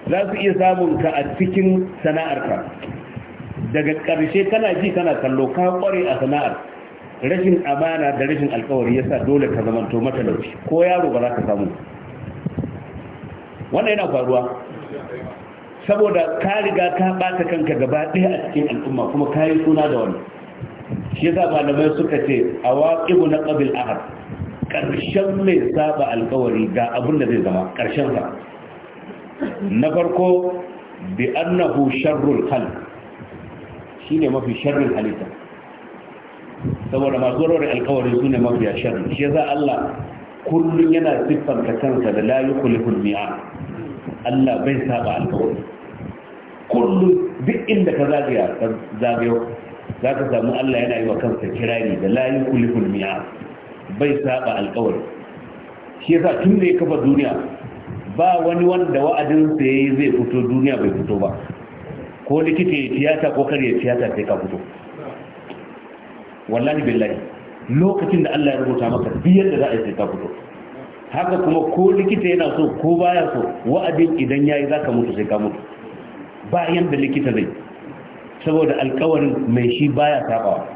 za su iya samun ka a cikin sana'arka daga ƙarshe kana ji kana kallo ka kware a sana'ar rashin amana da rashin alkawari yasa dole ka mata matalauci ko yaro ba za ka samu wannan yana faruwa saboda ka riga ka bata kanka gaba ɗaya a cikin al'umma kuma ka yi suna da wani shi yasa malamai suka ce a waƙibu na ƙabil ahad ƙarshen mai saba alkawari ga abin da zai zama ƙarshen sa na farko bi annahu sharrul khalq Shi ne mafi sharrin halitta saboda masu warware alkawari su ne mafiya sharrin shi za Allah kullum yana siffanta kansa da layu yukhlifu al Allah bai saba alkawari kullum duk inda ka zagaya ka zagayo za ka samu Allah yana yi wa kansa kirari da layu yukhlifu al bai saba alkawari shi za tun da ya kafa duniya ba wani wanda wa'adinsa ya yi zai fito duniya bai fito ba ko likita ya tiyata ko kar ya tiyata sai ka fito wallahi billahi lokacin da Allah ya rubuta maka biyar da za a yi sai ka fito haka kuma ko likita yana so ko baya so wa'adin idan yayi zaka mutu sai ka mutu yan da likita zai saboda alkawarin mai shi baya sabawa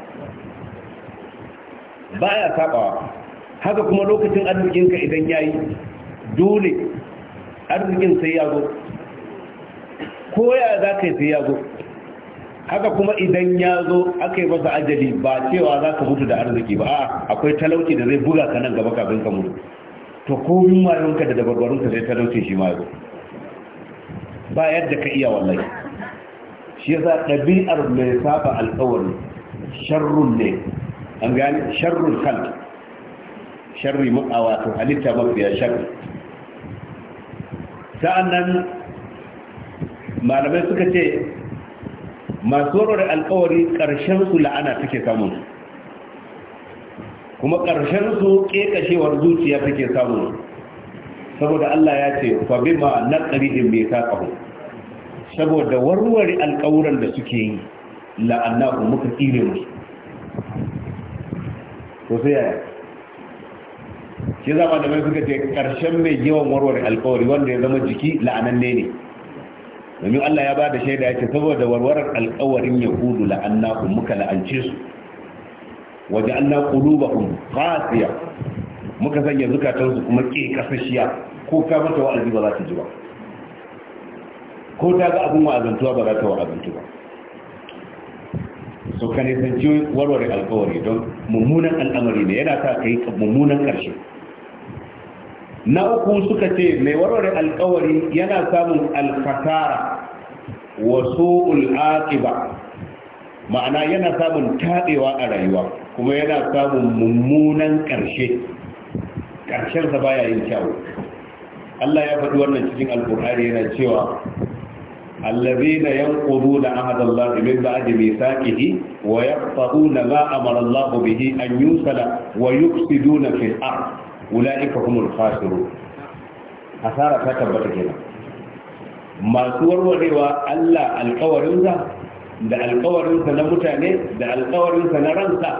baya sabawa haka kuma lokacin arzikinka idan yayi dole arzikin sai ya zo koya za ka yi sai ya zo haka kuma idan ya zo aka yi masa ajali ba cewa za ka mutu da arziki ba a'a akwai talauci da zai buga ka nan gaba kafin ka mutu to ko ma yanka da dabarbarunka sai talauci shi ma zo ba yadda ka iya wallahi shi yasa ɗabi'ar mai saba alƙawari sharrun ne an gani sharrun kal sharri a to halitta mafiya sharri sa'annan malamai suka ce masu warware alkawari ƙarshen su la'ana take samun kuma ƙarshen su ƙeƙashewar zuciya take samun saboda Allah ya ce fa bima naqrihim bi saqahu saboda warware alƙawuran da suke yi ku muka tsire musu ko sai yaya shi zama da mai suka ce ƙarshen mai yawan warware alƙawari wanda ya zama jiki la'ananne ne domin Allah ya ba da shaida yake saboda warwarar alƙawarin yahudu la'annakum muka la'ance su waje Allah qulubakum fasiya muka sanya zukatan su kuma ke kasashiya ko ka mata wa'azi ba za ta ji ba ko ta ga abin wa'azantuwa ba za ta wa'azantu ba so ka nisanci warware alƙawari don mummunan al'amari ne yana sa ka yi mummunan ƙarshe na uku suka ce mai warware alkawari yana samun alfatara wasu ul'aƙiba ma'ana yana samun taɗewa a rayuwa kuma yana samun mummunan ƙarshe ƙarshensa baya yin kyau Allah ya faɗi wannan cikin alƙur'ani yana cewa allazina yanquduna ahadallahi min ba'di mithaqihi wa yaqta'una ma amara Allah bihi an yusala wa yufsiduna fil ard ula'ika humul fasiru. hasara ta tabbata kenan masu warwarewa Allah alkawarinsa da alkawarinsa na mutane da alkawarinsa na ransa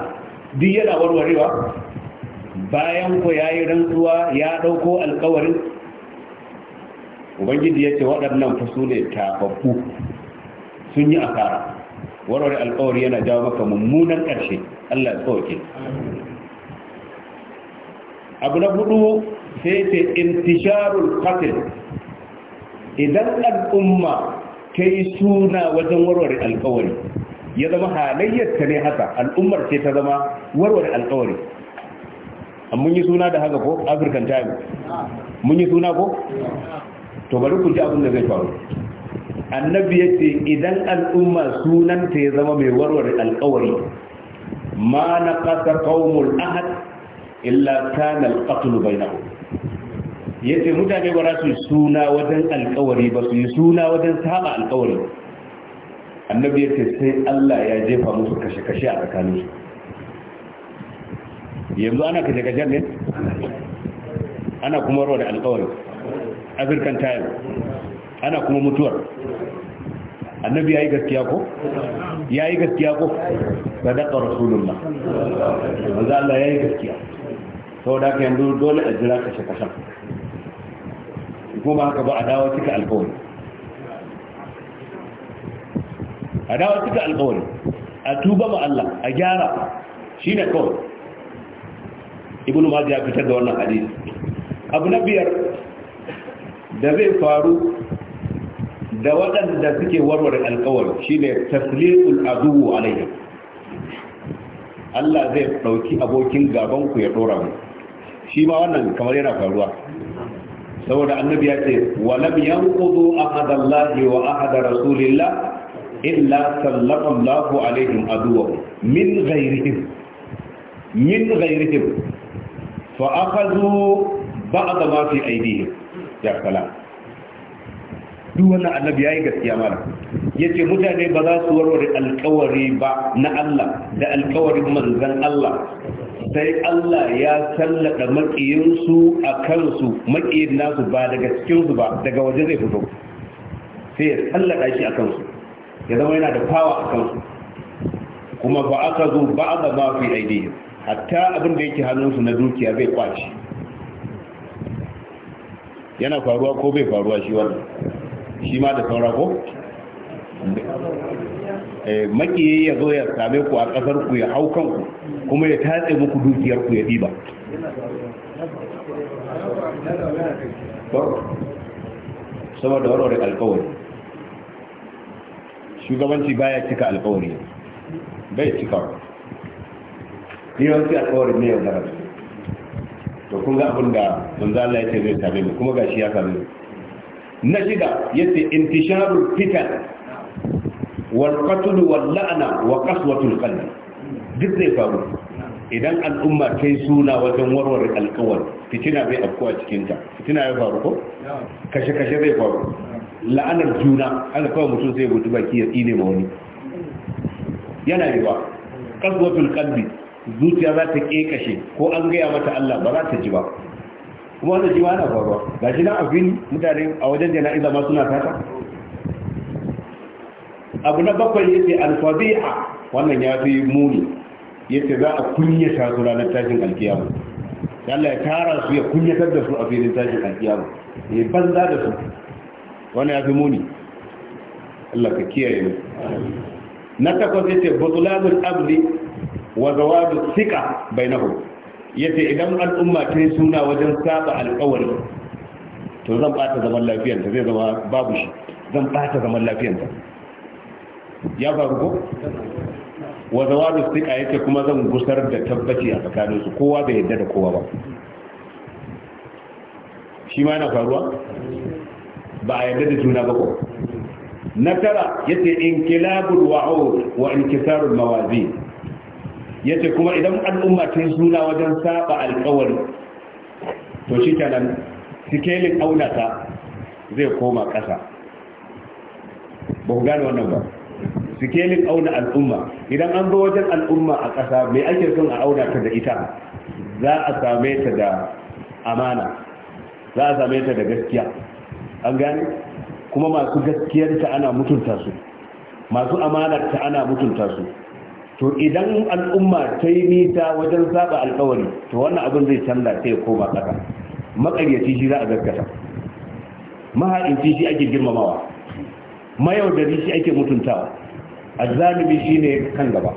duk yana warwarewa bayan ku yayi rantsuwa ya dauko alkawarin ubangiji ya ce waɗannan fasu ne tafaffu sun yi asara warware alkawari yana jawo maka mummunan ƙarshe Allah ya abu na hudu sai ce intisharul qatil idan al'umma ta yi suna wajen warware alƙawari, ya zama halayyarta ne haka al'ummar ce ta zama warware alƙawari. mun yi suna da haka ko african time mun yi suna ko to bari ku ji abin da zai faru annabi ya ce idan al'umma ta ya zama mai warware alƙawari, ma na kasa kawmul ahad illa kana alqatlu bainahum yace mutane ba za su suna wajen alkawari ba su yi suna wajen saba alkawari annabi ya ce sai Allah ya jefa musu kashe-kashe a tsakaninsu yanzu ana kashe-kashen ne ana kuma rawa da alkawari afirkan tayar ana kuma mutuwar annabi ya yi gaskiya ko? ya yi gaskiya ko? sadaka rasulullah maza Allah ya yi gaskiya sau da yanzu dole a jira kashe kashen kuma haka ba a dawo cika alkawari a dawo cika alkawari a tuba ma Allah a gyara shi ne kawai ibn mazi ya fitar da wannan hadisi abu na biyar da zai faru da waɗanda suke warware alkawari shi ne tasliqul aduwu alaiya. Allah zai ɗauki abokin gabanku ya ɗora mu shi ma wannan kamar yana faruwa saboda annabi ya ce wa lam yanqudu ahadallahi wa ahada rasulillah illa sallama Allahu alaihim aduwa min ghairihim min ghairihim fa akhadhu ba'd ma fi aydihim ya kala duk wannan annabi yayi gaskiya mana yace mutane ba za su warware alƙawari ba na Allah da alkawarin manzon Allah sai Allah ya sallaka maƙiyinsu a kansu maƙiyin nasu ba daga cikinsu ba daga waje zai fito sai ya sallaka shi a kansu ya zama yana da fawa a kansu kuma ba aka zo ba a zama fi aidihim hatta abin da yake hannunsu na dukiya zai kwaci yana faruwa ko bai faruwa shi wannan shi ma da sauran ko Eh, makiyayi ya zo ya same ku a ƙasar ku ya hau kanku kuma ya tatse muku dukiyar ku ya ɗiba saboda warware alkawari shugabanci baya cika alkawari bai cika yawanci alkawari ne yaudara to kun ga abin da manzala ya ce zai same mu kuma gashi ya same mu na shida yace intisharul fitan wal qatl wal la'na wa qaswatul qalbi duk zai faru idan al'umma ta yi suna wajen warware alkawar fitina bai afko a cikinta fitina ya faru ko? kashe-kashe zai faru la'anar juna ana kawai mutum zai gudu baki ya tsine ma wani yana yiwa kasuwatul kalbi zuciya za ta ƙe kashe ko an gaya mata Allah ba za ta ji ba kuma wanda ji ma yana faruwa ga shi na abin mutane a wajen jana'iza ma suna tata abu na bakwai ce alfazi'a wannan ya fi muni ya ce za a kunyata su ranar tashin alkiyama Yalla ya tara su ya kunyatar da su a filin tashin alkiyama ya banza da su wannan ya fi muni Allah ka kiyaye mu na takwas ya ce butulanul abdi wa zawadu sika Ya ce idan al'umma ta yi suna wajen saba alƙawari to zan bata zaman lafiyanta zai zama babu shi zan bata zaman lafiyanta ya faru ko wa zawadu sika yake kuma zan gusar da tabbaci a tsakanin su kowa bai yadda da kowa ba shi ma yana faruwa ba a yadda da juna ba ko na tara yace inkilabul wa'ud wa inkisarul mawazi yace kuma idan al'umma ta yi suna wajen saba alkawari to shi nan sikelin aunata zai koma ƙasa ba ku gane wannan ba sikelin auna al'umma idan an zo wajen al'umma a ƙasa mai ake son a auna ta da ita za a same ta da amana za a same ta da gaskiya an gane kuma masu ta ana mutunta su masu amanarta ana mutunta su to idan al'umma ta yi nita wajen saba alkawari to wannan abin zai canza sai ya koma ƙasa maƙaryaci shi za a gaskata maha'inci shi ake girmamawa mayaudari shi ake mutuntawa azzalimi shi ne kan gaba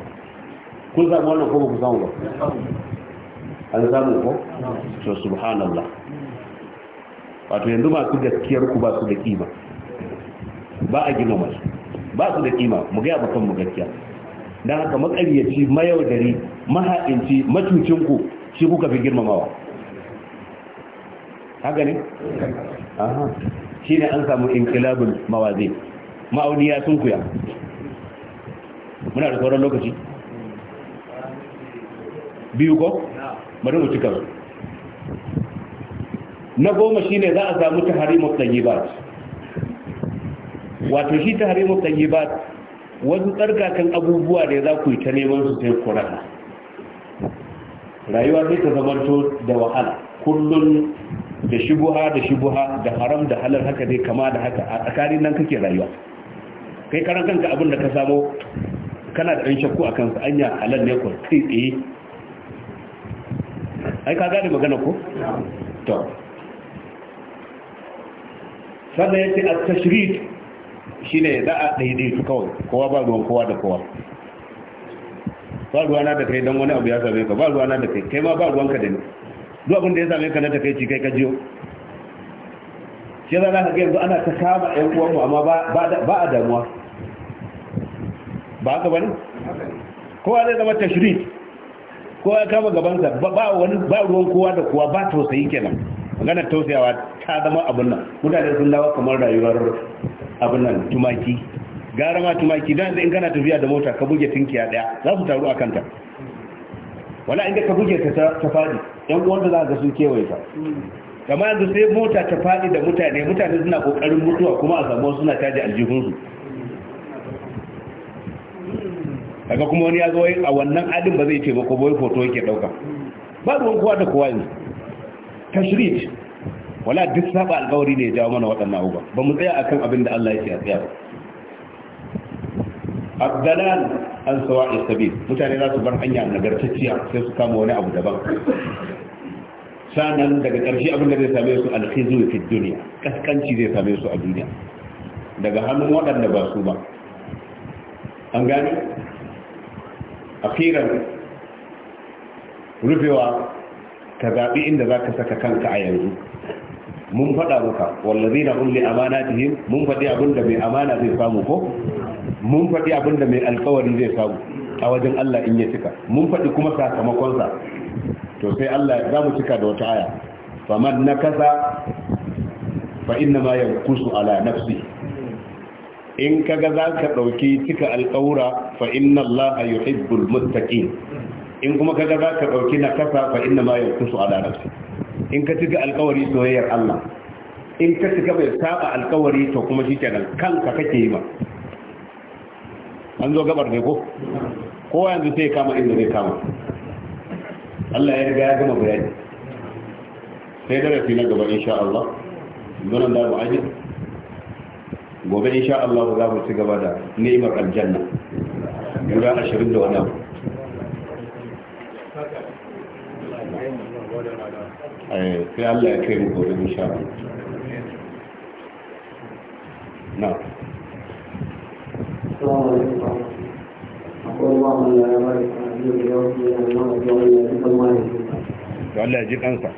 kun zama wannan ko ba ku samu ba an samu ko to subhanallah wato yanzu masu gaskiyar ku ba su da kima ba a gina masu ba su da kima mu ga bakan mu gaskiya dan haka makaryaci mayaudari mahaɗinci matucin ku shi kuka fi girmamawa haka ne aha ne an samu inkilabin mawazin ma'auni ya kuya muna da sauran lokaci biyu ko bari mu cika na goma shi ne za a samu ta taharimu ba, wato shi ta taharimu ba, wasu tsarkakan abubuwa da za ku yi ta neman su sai ku rayuwa zai ta zamanto da wahala Kullum da shubuha da shubuha da haram da halar haka dai kama da haka a tsakanin nan kake rayuwa kai karan kanka abin da ka samo kana da ɗan shakku a kansa anya halal ne ko kai tsaye ai ka gane magana ko to sannan ya ce a tashirid shi ne za a su kawai kowa ba ruwan kowa da kowa ba ruwana da kai don wani abu ya same ka ba ruwana da kai kai ma ba ruwanka da ni duk abin da ya same ka na takaici kai ka jiyo shi za ka ga yanzu ana ta kama ƴan uwanmu amma ba a damuwa ba ka bane kowa zai zama tashiri kowa ya kama gabansa ba wani ba ruwan kowa da kowa ba tausayi kenan magana tausayawa ta zama abin nan mutane sun dawa kamar rayuwar abin nan tumaki gara ma tumaki dan in kana tafiya da mota ka buge tinkiya daya za su taru a kanta wala inda ka buge ta ta fadi yan uwan da za ga sun kewaye ta kamar yanzu sai mota ta fadi da mutane mutane suna kokarin mutuwa kuma a samu suna taji aljihunsu daga kuma wani ya zo a wannan adin ba zai ce ba wai hoto yake dauka ba ruwan kowa da kowa ne tashrit wala duk saba alkawari ne ya jawo mana waɗannan abubuwa ba mu tsaya akan abin da Allah yake a tsaya ba abdalan an sawa isabi mutane za su bar hanya nagartacciya sai su kama wani abu daban sanan daga ƙarshe abin da zai same su alkhizu fi dunya kaskanci zai same su a duniya daga hannun waɗanda ba su ba an gani akiran rufewa ka zaɓi inda za ka saka kanka a yanzu mun faɗa maka wallazi na amana amanatihim mun faɗi abinda mai amana zai samu ko mun faɗi abinda mai alkawari zai samu a wajen Allah in ya cika mun faɗi kuma sakamakonsa to sai Allah za mu cika da wata aya faman nakasa fa inna ma yankusu ala nafsihi in kaga za ka ɗauki cika alƙawura fa inna Allah yuhibbul muttaqin in kuma kaga za ka ɗauki na kasa fa inna ma ya ala nafsi in ka cika alƙawari soyayyar Allah in ka cika bai saba alƙawari to kuma shi kenan kanka kake yi ma an zo gabar ne ko ko yanzu sai kama inda zai kama Allah ya riga ya gama bayani sai darasi na gaba insha Allah don da ba ajin gobe insha Allah za mu ci gaba da ni'imar aljanna guda 20 da sai ya kai gobe insha Allah na السلام عليكم. أقول الله من لا to Allah ya ji kansa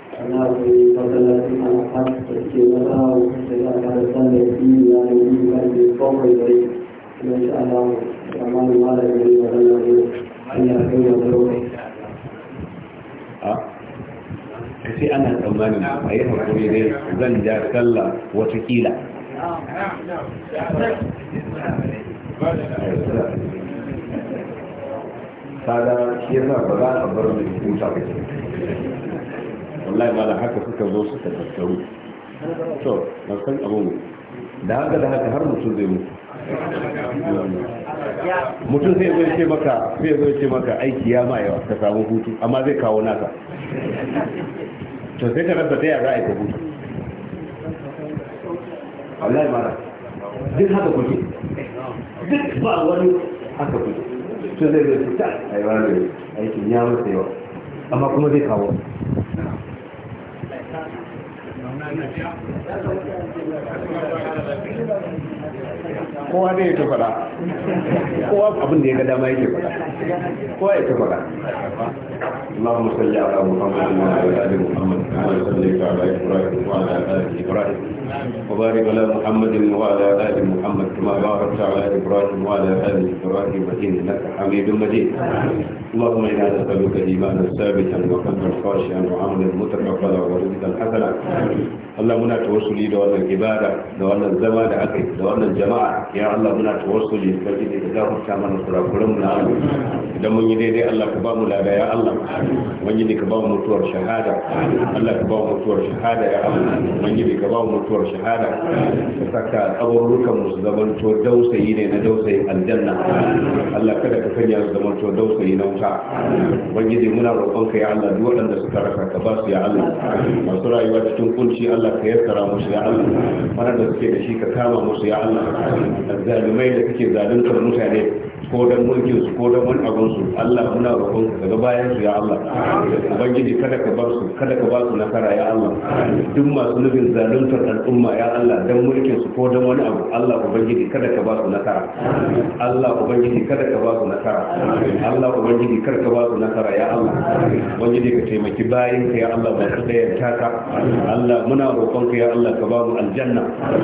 ka ce ana tsammanin a yi haƙuri ne zan ja sallah watakila kada shi yasa ba za a bar da huta ba ke wallahi ba da haka suka zo suka tattaru to na san abin da haka da haka har mutum zai mutu mutum zai zo ce maka zai zo ce maka aiki ya ma yawa ka samu hutu amma zai kawo naka to sai ka rasa ta yaya za a yi ka hutu wallahi mara duk haka kuke duk ba wani haka kuke to zai zai fita a yi wani aikin ya masa yawa amma kuma zai kawo Thank you. kowa dai ya faɗa kowa da ya ga dama yake faɗa kowa ya ta faɗa Allahu musalli ala Muhammad wa ala ali Muhammad kana sallallahu alaihi wa sallam wa ala ali Ibrahim وبارك على محمد وعلى آل محمد كما باركت على إبراهيم وعلى آل إبراهيم إنك حميد مجيد اللهم إنا نسألك الإيمان الثابتا وقلبا خاشعا وعملا متقبلا ورزقا حسنا اللهم لا توصلي دور العبادة دور الزمان أكيد دور الجماعة يا الله لا توصلي فجد إذا كمان صلاة كلهم نعم دم يدي الله كبام لا يا الله من يدي كبام مطور شهادة الله كبام مطور شهادة يا الله من يدي كبام مطور شهادة فكا أورك مصدبا تودوسي إلينا دوسي الجنة الله كذا كفنيا مصدبا تودوسي إلينا kyauta ubangiji muna roƙon ka ya Allah duk waɗanda suka rasa ka ba su ya Allah masu rayuwa cikin kunci Allah ka yassara musu ya Allah da suke da shi ka kama musu ya Allah Zalimai da kake zaluntar mutane ko dan mulkin su ko dan wani abin su Allah muna roƙon ka daga bayan su ya Allah ubangiji kada ka bar su kada ka ba su nasara ya Allah duk masu nufin zaluntar al'umma ya Allah dan mulkin su ko dan wani abu Allah ubangiji kada ka ba su nasara Allah ubangiji kada ka ba su nasara Allah ubangiji kada ka ba su nasara ya Allah ubangiji ka taimaki bayan ka ya Allah ba ka daya taka Allah muna roƙon ka ya Allah ka ba mu aljanna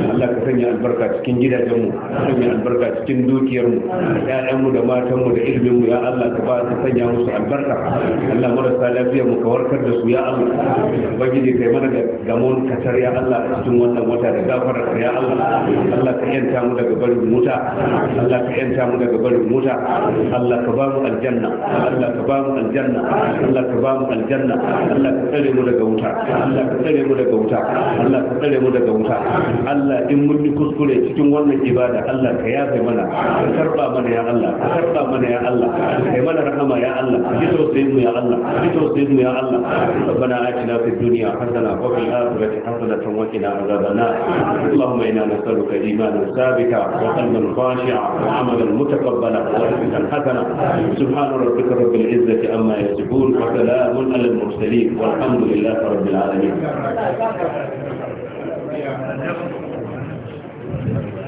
Allah ka sanya albarka cikin gidajenmu sanya albarka cikin dukiyarmu mu. 'ya'yanmu da matanmu da ilminmu ya Allah ka ba su sanya musu albarka Allah marasa lafiya mu ka warkar da su ya Allah ubangiji kai mana da gamon katar ya Allah a cikin wannan wata da gafara ya Allah Allah ka yanta mu daga barin muta Allah ka yanta mu daga barin muta Allah ka ba mu aljanna Allah ka ba mu aljanna Allah ka ba mu aljanna Allah ka tsare mu daga wuta Allah ka tsare mu daga wuta Allah ka tsare mu daga wuta Allah in mun yi kuskure cikin wannan ibada Allah ka yafe mana ka karba mana ya Allah Allah ka karba mana ya Allah kai mana rahama ya Allah ji tausayin mu ya Allah ji tausayin mu ya Allah rabbana atina fid dunya hasana wa fil akhirati hasanatan wa qina adhaban nar allahumma inna nas'aluka imanan sabita wa qalban khashi'a wa amalan mutaqabbala wa rizqan hasana subhana rabbika rabbil izzati amma yasifun wa salamun ala al mursalin walhamdulillahi rabbil alamin Thank you.